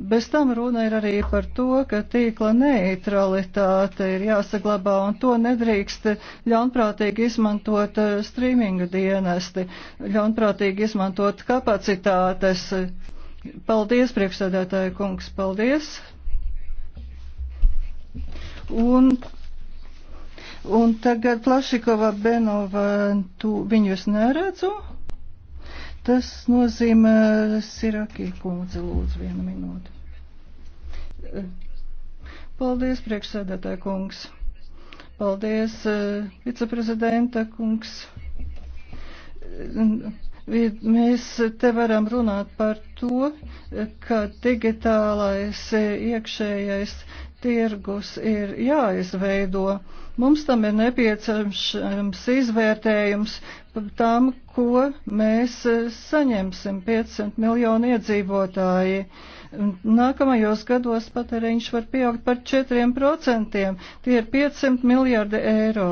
Bez tam runa ir arī par to, ka tīkla neutralitāte ir jāsaglabā un to nedrīkst ļaunprātīgi izmantot eh, streaminga dienesti, ļaunprātīgi izmantot kapacitātes. Paldies, priekšsēdētāja kungs, paldies. Un, un tagad Plašikova Benova, tu viņus neredzu? Tas nozīmē Siraki kundze lūdzu vienu minūti. Paldies, priekšsēdētāja kungs. Paldies, eh, viceprezidenta kungs. Mēs te varam runāt par to, ka digitālais eh, iekšējais tirgus ir jāizveido Mums tam ir nepieciešams izvērtējums tam, ko mēs e, saņemsim 500 miljonu iedzīvotāji. Nākamajos gados patēriņš var pieaugt par 4%, tie ir 500 miljardi eiro.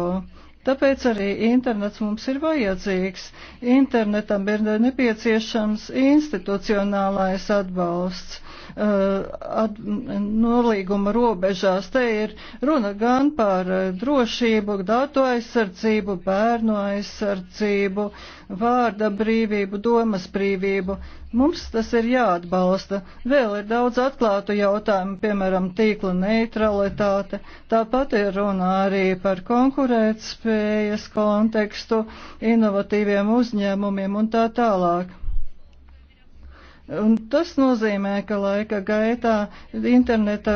Tāpēc arī internets mums ir vajadzīgs. Internetam ir nepieciešams institucionālais atbalsts. Uh, at, nolīguma robežās. Te ir runa gan par uh, drošību, datu aizsardzību, bērnu aizsardzību, vārda brīvību, domas brīvību. Mums tas ir jāatbalsta. Vēl ir daudz atklātu jautājumu, piemēram, tīkla neutralitāte. Tāpat ir runa arī par konkurētspējas kontekstu, inovatīviem uzņēmumiem un tā tālāk. Un tas nozīmē, ka laika gaitā, interneta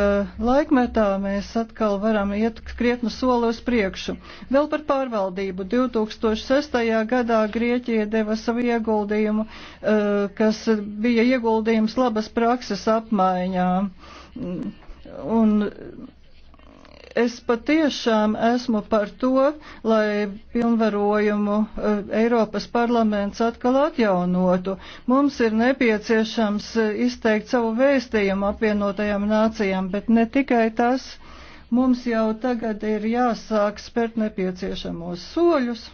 laikmetā mēs atkal varam iet krietnu soli uz priekšu. Vēl par pārvaldību. 2006. gadā Grieķija deva savu ieguldījumu, eh, kas bija ieguldījums labas prakses apmaiņā. Un Es patiešām esmu par to, lai pilnvarojumu e, Eiropas parlaments atkal atjaunotu. Mums ir nepieciešams e, izteikt savu vēstījumu apvienotajām nācijām, bet ne tikai tas. Mums jau tagad ir jāsāk spērt nepieciešamos soļus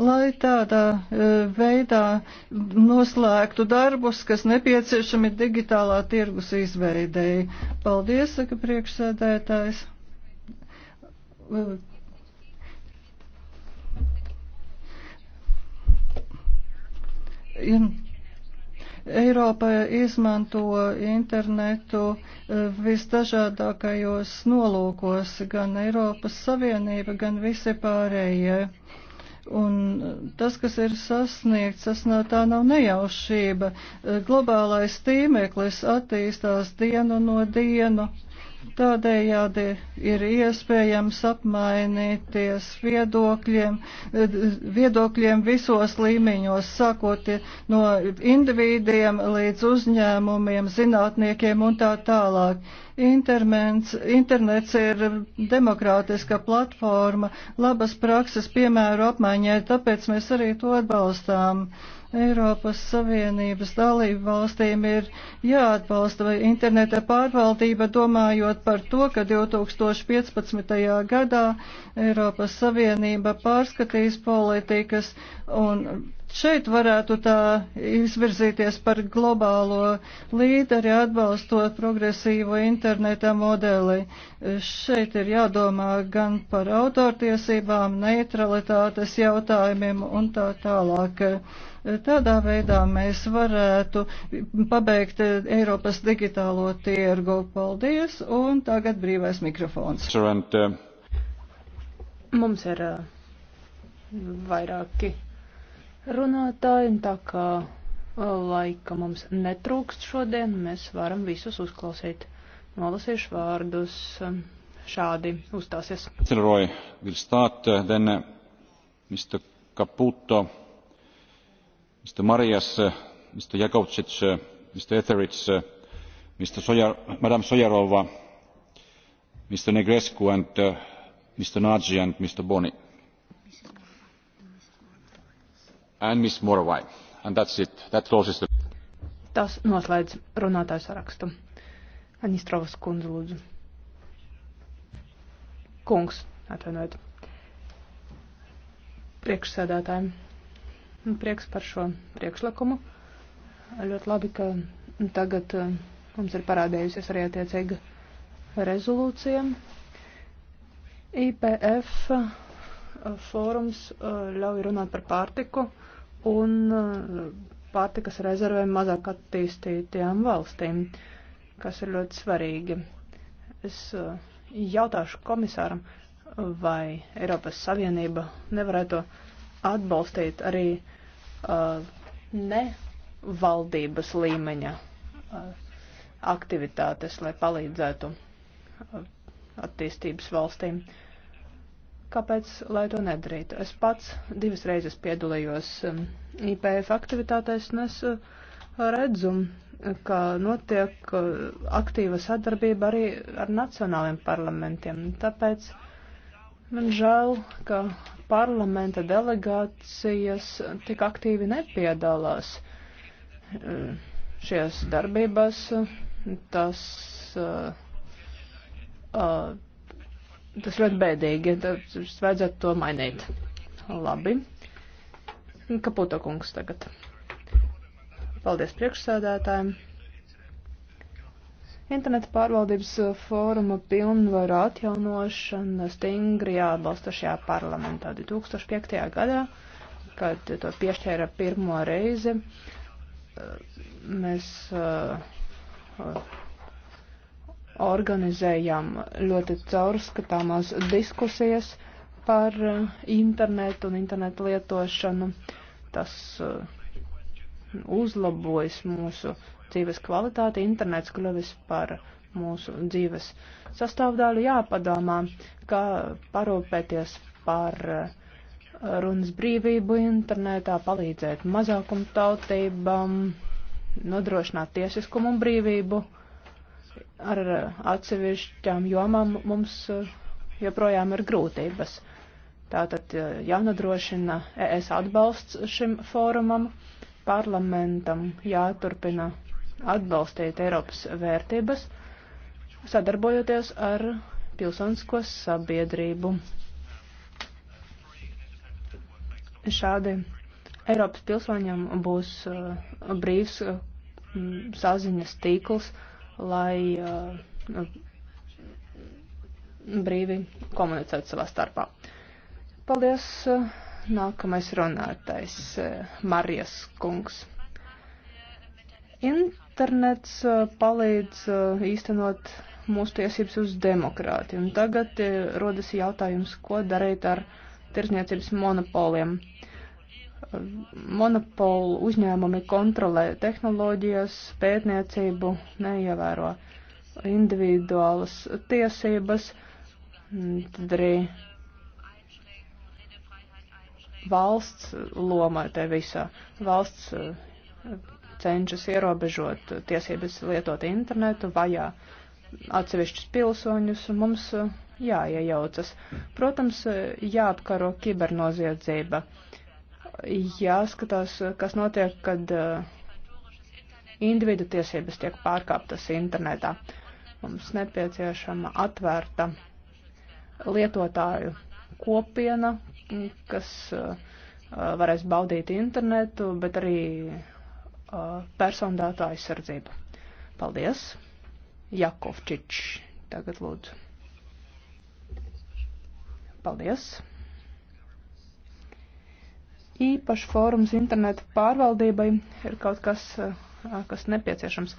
lai tādā e, veidā noslēgtu darbus, kas nepieciešami digitālā tirgus izveidēji. Paldies, saka priekšsēdētājs. In, Eiropa izmanto internetu e, visdažādākajos nolūkos, gan Eiropas Savienība, gan visi pārējie. Un tas, kas ir sasniegts, tas no tā nav nejaušība. Globālais tīmeklis attīstās dienu no dienu. Tādējādi ir iespējams apmainīties viedokļiem, viedokļiem visos līmeņos, sākot no individiem līdz uzņēmumiem, zinātniekiem un tā tālāk. Interments, internets ir demokrātiska platforma, labas prakses piemēru apmaiņai, tāpēc mēs arī to atbalstām. Eiropas Savienības dalību valstīm ir jāatbalsta interneta pārvaldība, domājot par to, ka 2015. gadā Eiropas Savienība pārskatīs politikas un šeit varētu tā izvirzīties par globālo līderi atbalstot progresīvo interneta modeli. Šeit ir jādomā gan par autortiesībām, neutralitātes jautājumiem un tā tālāk. Tādā veidā mēs varētu pabeigt Eiropas digitālo tirgu. Paldies! Un tagad brīvais mikrofons. Uh, mums ir uh, vairāki runātāji, un tā kā uh, laika mums netrūkst šodien, mēs varam visus uzklausīt. Nolasīšu vārdus šādi uzstāsies. Roy will start, then Mr. Caputo mr marias mr jakovi mr etheridge ms sojdrov mr negrescu mr nagy and eh, mr boni and ms morvai and that's it that closes the Tas noslēdz runātāju sarakstu. Anistrovas kundze lūdzu. Kungs, atvainojiet. Priekšsēdētājiem. Nu, prieks par šo priekšlikumu. Ļoti labi, ka tagad eh, mums ir parādījusies arī attiecīga rezolūcija. IPF eh, fórums eh, ļauj runāt par pārtiku un pārtikas rezervēm mazāk attīstītajām valstīm, kas ir ļoti svarīgi. Es jautāšu komisāram, vai Eiropas Savienība nevarētu to atbalstīt arī uh, ne valdības līmeņa uh, aktivitātes, lai palīdzētu uh, attīstības valstīm. Kāpēc, lai to nedarītu? Es pats divas reizes piedalījos um, IPF aktivitātēs un es uh, redzu, uh, ka notiek uh, aktīva sadarbība arī ar nacionāliem parlamentiem. Tāpēc man žēl, ka parlamenta delegācijas tik aktīvi nepiedalās eh, šajās darbībās. Tas, eh, eh, tas ļoti bēdīgi, tas vajadzētu to mainīt. Labi. Kaputo kungs tagad. Paldies priekšsēdētājiem. Interneta pārvaldības uh, fóruma pilnvaru atjaunošana stingri jāatbalsta šajā parlamentā 2005. gadā, kad to piešķēra pirmo reizi. Uh, mēs uh, organizējām ļoti caurskatāmās diskusijas par internetu un internetu lietošanu. Tas uzlabojas mūsu dzīves kvalitāti, internets kļuvis par mūsu dzīves sastāvdaļu. Jāpadomā, kā parūpēties par eh, runas brīvību internetā, palīdzēt mazākumtautībām, nodrošināt tiesiskumu un brīvību. Ar atsevišķām jomām mums eh, joprojām ir grūtības. Tātad eh, jānodrošina ES atbalsts šim fórumam, parlamentam jāturpina atbalstīt Eiropas vērtības, sadarbojoties ar pilsonisko sabiedrību. Šādi Eiropas pilsoņiem būs uh, brīvs uh, saziņas tīkls, lai uh, brīvi komunicētu savā starpā. Paldies! Uh, nākamais runātais uh, Marijas kungs. In internets eh, palīdz eh, īstenot mūsu tiesības uz demokrātiju. Un tagad eh, rodas jautājums, ko darīt ar tirsniecības monopoliem. Monopolu uzņēmumi kontrolē tehnoloģijas, pētniecību, neievēro individuālas tiesības, tad arī valsts loma te visā. Valsts cenšas ierobežot tiesības lietot internetu, vajā atsevišķus pilsoņus, mums uh, jāiejaucas. Protams, uh, jāapkaro kibernoziedzība, jāskatās, uh, kas notiek, kad individu tiesības tiek pārkāptas internetā. Mums nepieciešama atvērta lietotāju kopiena, kas varēs baudīt internetu, bet arī Uh, personu datu aizsardzību. Paldies! Jakovčič, tagad lūdzu. Paldies! Īpašs fórums internetu pārvaldībai ir kaut kas, uh, kas nepieciešams.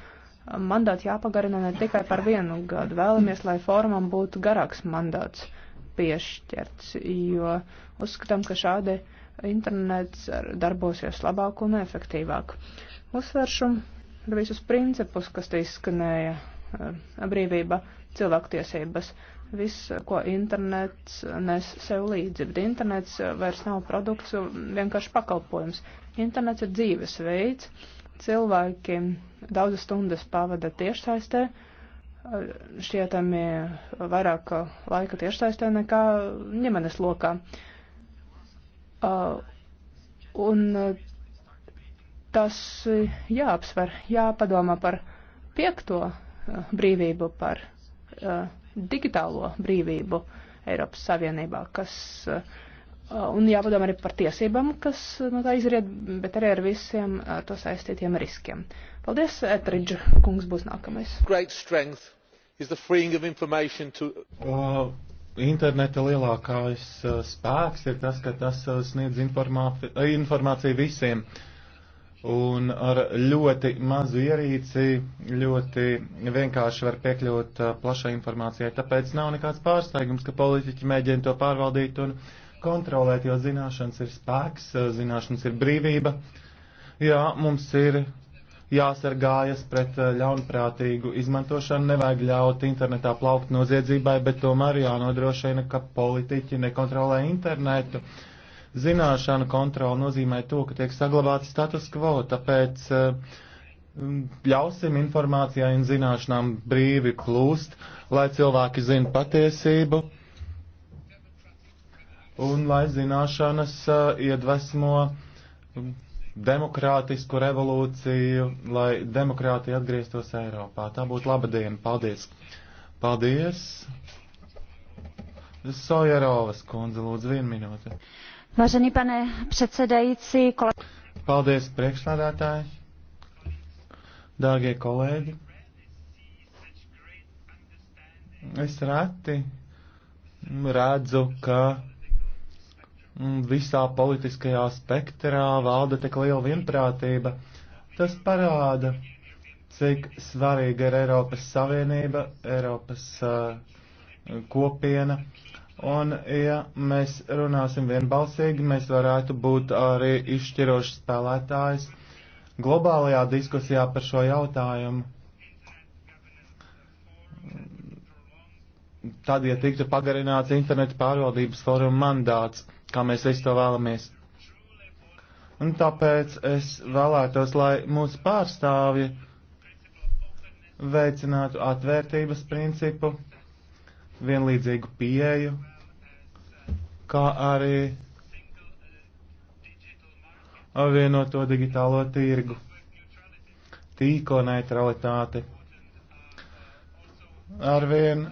Mandāts jāpagarina ne tikai par vienu gadu. Vēlamies, lai fórumam būtu garāks mandāts piešķirts, jo uzskatām, ka šādi internets darbosies labāk un efektīvāk. Uh, Uzsveršu visus principus, kas te izskanēja eh, - brīvība, cilvēktiesības, viss, ko internets nes sev līdzi, bet internets vairs nav produkts, vienkārši pakalpojums. Internets ir dzīvesveids, cilvēki daudzas stundas pavada tiešsaistē, šķietami vairāk laika tiešsaistē nekā ģimenes lokā. Uh, un tas eh, jāapsver, jāpadomā par piekto eh, brīvību, par uh, digitālo brīvību Eiropas Savienībā, kas, uh, un jāpadomā arī par tiesībām, kas no nu, tā izriet, bet arī ar visiem ar to saistītiem riskiem. Paldies, Etridža kungs būs nākamais. To... Uh, interneta lielākais spēks ir tas, ka tas sniedz informāciju visiem. Uh, un ar ļoti mazu ierīci ļoti vienkārši var piekļūt uh, plašai informācijai. Tāpēc nav nekāds pārsteigums, ka politiķi mēģina to pārvaldīt un kontrolēt, jo zināšanas ir spēks, uh, zināšanas ir brīvība. Jā, mums ir jāsargājas pret uh, ļaunprātīgu izmantošanu, nevajag ļaut internetā plaukt noziedzībai, bet tomēr jānodrošina, ka politiķi nekontrolē internetu. Uh, Zināšanu kontrola nozīmē to, ka tiek saglabāts status quo, tāpēc eh, ļausim informācijai un zināšanām brīvi plūst, lai cilvēki zina patiesību un lai zināšanas eh, iedvesmo demokrātisku revolūciju, lai demokrātija atgrieztos Eiropā. Tā būtu laba diena. Paldies! Paldies! Sojerovas kundze, lūdzu, vienu minūti. Vážený pane předsedající, kolēģi. Paldies, priekšsādātāji. Dārgie kolēģi. Es reti redzu, ka visā politiskajā spektrā valda tik liela vienprātība. Tas parāda, cik svarīga ir Eiropas Savienība, Eiropas uh, kopiena. Uh, Un, ja mēs runāsim vienbalsīgi, mēs varētu būt arī izšķirošs spēlētājs globālajā diskusijā par šo jautājumu. Tad, ja tiktu pagarināts interneta pārvaldības foruma mandāts, kā mēs visi to vēlamies. Un tāpēc es vēlētos, lai mūsu pārstāvji veicinātu atvērtības principu, vienlīdzīgu pieeju kā arī vienoto digitālo tirgu, tīko neutralitāti. Arvien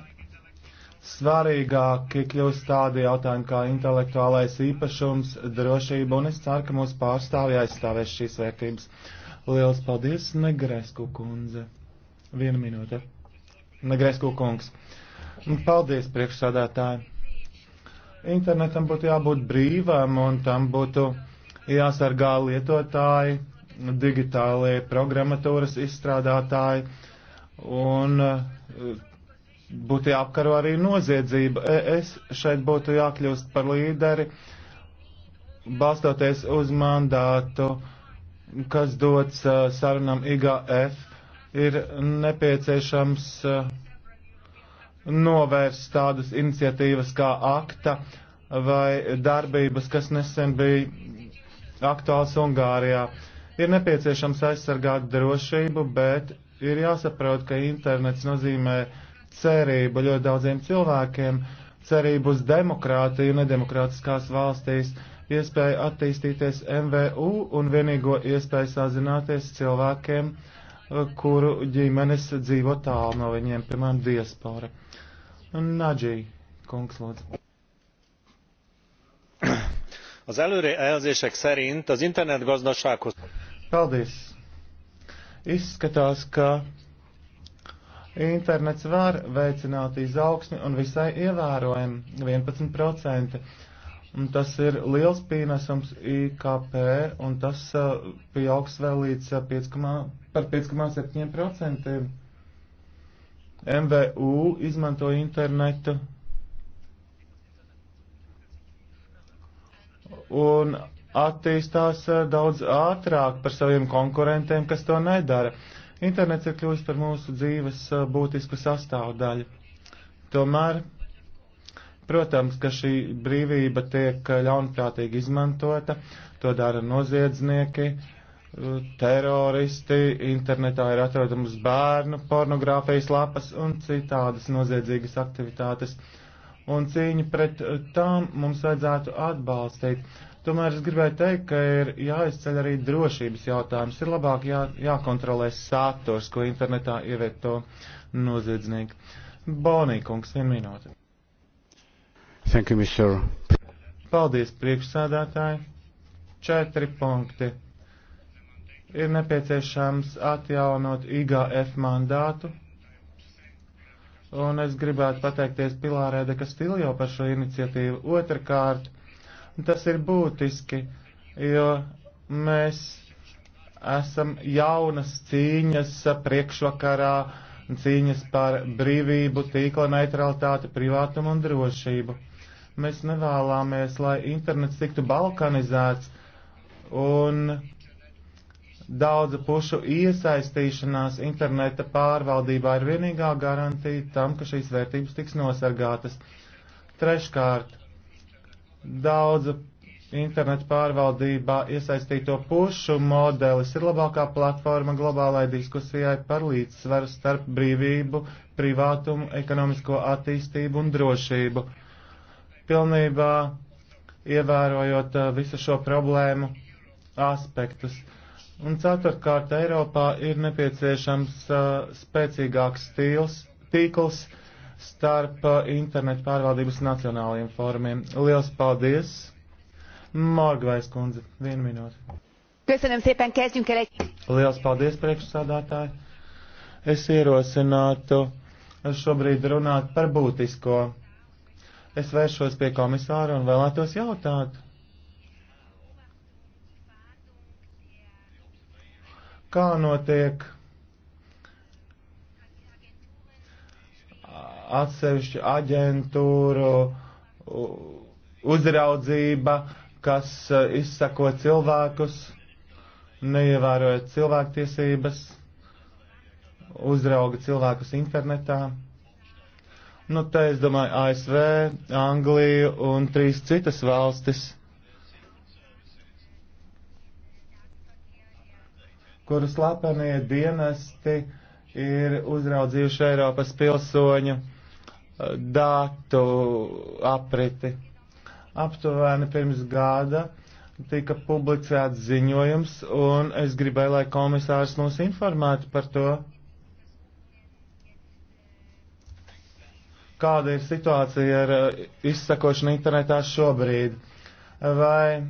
svarīgāki kļūst tādi jautājumi kā intelektuālais īpašums, drošība, un es ceru, ka mūsu pārstāvji aizstāvēs šīs vērtības. Lielas paldies, Negresku kundze. Viena minūte. Negresku kungs. Paldies, priekšsādātāji. Internetam būtu jābūt brīvam un tam būtu jāsargā lietotāji, digitālie programmatūras izstrādātāji un eh, būtu jāapkaro arī noziedzība. E, es šeit būtu jākļūst par līderi, balstoties uz mandātu, kas dots eh, sarunam IGF, ir nepieciešams uh, novērst tādas iniciatīvas kā akta vai darbības, kas nesen bija aktuāls Ungārijā. Ir nepieciešams aizsargāt drošību, bet ir jāsaprot, ka internets nozīmē cerību ļoti daudziem cilvēkiem, cerību uz demokrātiju nedemokrātiskās valstīs, iespēju attīstīties MVU un vienīgo iespēju sazināties cilvēkiem, kuru ģimenes dzīvo tālu no viņiem, piemēram, diaspora. Un Nāģēji, kungs, lūdzu. *clears throat* Az előrejelzések szerint az internetgazdasághoz... Paldies! Izskatās, ka internets var veicināt izaugsmi un visai ievērojami 11%. Un tas ir liels pienesums IKP, un tas uh, pieaugs vēl līdz uh, 5, par 5,7%. MVU izmanto internetu un attīstās eh, daudz ātrāk par saviem konkurentiem, kas to nedara. Internets ir kļuvis par mūsu dzīves eh, būtisku sastāvdaļu. Tomēr, protams, ka šī brīvība tiek eh, ļaunprātīgi izmantota, to dara noziedznieki, teroristi, internetā ir atrodamas bērnu pornogrāfijas lapas un citādas noziedzīgas aktivitātes. Un cīņa pret tām mums vajadzētu atbalstīt. Tomēr es gribēju teikt, ka ir jāizceļ arī drošības jautājums. Ir labāk jā, jākontrolē saturs, ko internetā ievieto noziedznieki. Bonīkungs, vien minūte. Thank you, Mr. Paldies, priekšsādātāji. Četri punkti ir nepieciešams atjaunot IGF mandātu. Un es gribētu pateikties Pilārē de Kastiljo par šo iniciatīvu. Otrakārt, tas ir būtiski, jo mēs esam jaunas cīņas priekšvakarā, cīņas par brīvību, tīkla neutralitāti, privātumu un drošību. Mēs nevēlamies, lai internets tiktu balkanizēts un Daudzu pušu iesaistīšanās interneta pārvaldībā ir vienīgā garantija tam, ka šīs vērtības tiks nosargātas. Treškārt, daudzu interneta pārvaldībā iesaistīto pušu modelis ir labākā platforma globālai diskusijai par līdzsvaru starp brīvību, privātumu, ekonomisko attīstību un drošību. Pilnībā ievērojot uh, visu šo problēmu aspektus Un ceturtkārt, Eiropā ir nepieciešams uh, spēcīgāks stīls, tīkls starp uh, internetu pārvaldības nacionālajiem fórumiem. Liels paldies! Morgvais kundze, vienu minūti. Köszönöm szépen, kezdjünk el egy... Liels paldies, priekšsādātāji! Es ierosinātu šobrīd runāt par būtisko. Es vēršos pie komisāra un vēlētos jautāt kā notiek atsevišķu aģentūru uzraudzība, kas e, izsako cilvēkus, neievērojot cilvēktiesības, uzrauga cilvēkus internetā. Nu, te es domāju ASV, Angliju un trīs citas valstis kuru slepenie dienesti ir uzraudzījuši Eiropas pilsoņu eh, datu apriti. Aptuveni pirms gada tika publicēts ziņojums, un es gribēju, lai komisārs mūs informētu par to, kāda ir situācija ar eh, izsakošanu internetā šobrīd. Vai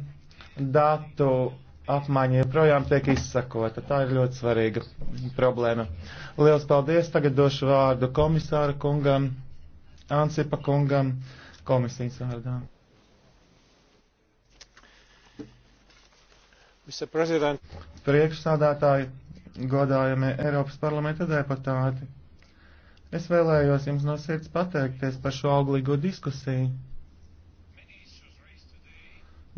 datu apmaiņa joprojām tiek izsakota. Tā ir ļoti svarīga problēma. Liels paldies! Tagad došu vārdu komisāra kungam, Ansipa kungam, komisijas vārdā. Priekšsādātāji, godājamie Eiropas parlamenta deputāti, es vēlējos jums no sirds pateikties par šo auglīgo diskusiju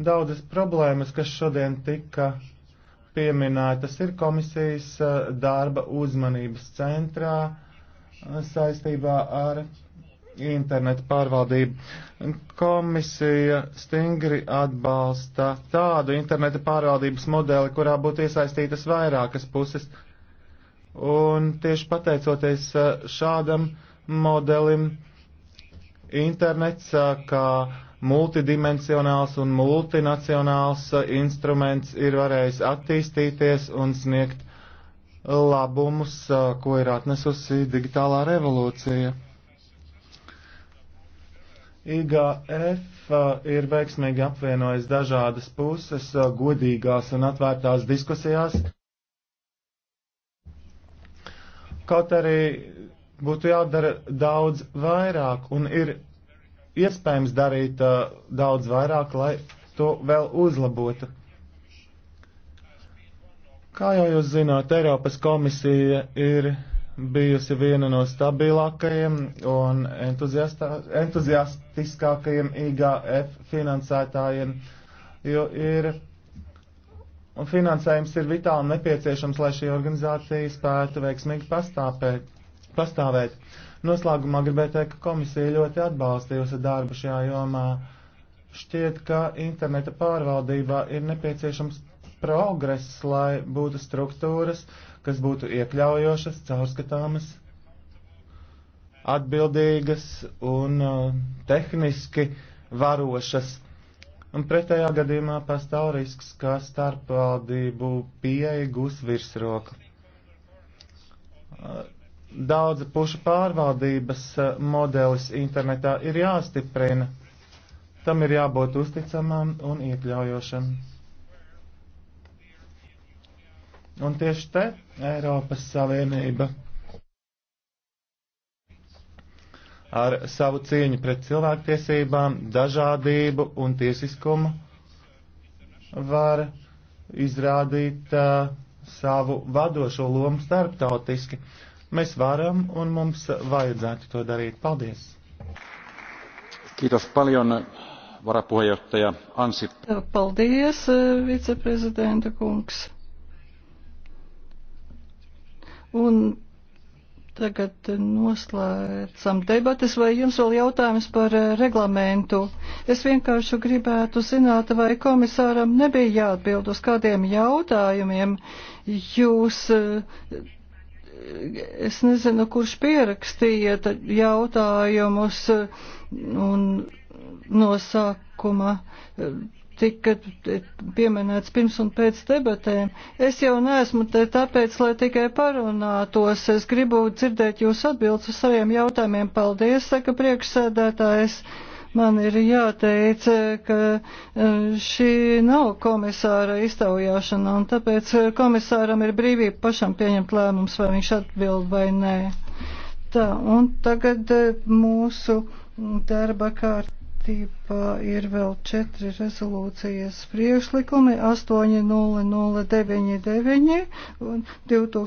Daudzas problēmas, kas šodien tika pieminētas, ir komisijas darba uzmanības centrā saistībā ar internetu pārvaldību. Komisija stingri atbalsta tādu interneta pārvaldības modeli, kurā būtu iesaistītas vairākas puses. Un tieši pateicoties šādam modelim, internets kā multidimensionāls un multinacionāls uh, instruments ir varējis attīstīties un sniegt labumus, uh, ko ir atnesusi digitālā revolūcija. IGF uh, ir veiksmīgi apvienojis dažādas puses godīgās un atvērtās diskusijās. Kaut arī būtu jādara daudz vairāk un ir iespējams darīt uh, daudz vairāk, lai to vēl uzlabotu. Kā jau jūs zināt, Eiropas komisija ir bijusi viena no stabilākajiem un entuziastiskākajiem IGF finansētājiem, jo ir un finansējums ir vitāli nepieciešams, lai šī organizācija spētu veiksmīgi pastāpēt, pastāvēt. Noslēgumā gribētu teikt, ka komisija ļoti atbalstījusi darbu šajā jomā. Šķiet, ka interneta pārvaldībā ir nepieciešams progress, lai būtu struktūras, kas būtu iekļaujošas, caurskatāmas, atbildīgas un uh, tehniski varošas. Un pretējā gadījumā pastāv risks, ka starpvaldību pieeja gūs virsroku. Uh, Daudzu pušu pārvaldības eh, modelis internetā ir jāstiprina. Tam ir jābūt uzticamam un iekļaujošam. Un tieši te Eiropas Savienība ar savu cieņu pret cilvēktiesībām, dažādību un tiesiskumu var izrādīt uh, savu vadošo lomu starptautiski. Uh, Mēs varam un mums vajadzētu to darīt. Paldies! Kiitos paljon, varapuheenjohtaja Ansip. Paldies, viceprezidenta kungs. Un tagad noslēdzam debatas, vai jums vēl jautājums par reglamentu? Es vienkārši gribētu zināt, vai komisāram nebija jāatbild uz kādiem jautājumiem. Jūs es nezinu, kurš pierakstīja jautājumus un nosākuma e, tika e, pieminēts pirms un pēc debatēm. Es jau neesmu te tāpēc, lai tikai parunātos. Es gribu dzirdēt jūs atbildes uz saviem jautājumiem. Paldies, saka priekšsēdētājs. Es Man ir jāteic, ka e, šī nav komisāra iztaujāšana, un tāpēc komisāram ir brīvība pašam pieņemt lēmums, vai viņš atbild vai nē. Tā, un tagad e, mūsu darba kārta kārtībā ir vēl četri rezolūcijas priekšlikumi 8009, 2000.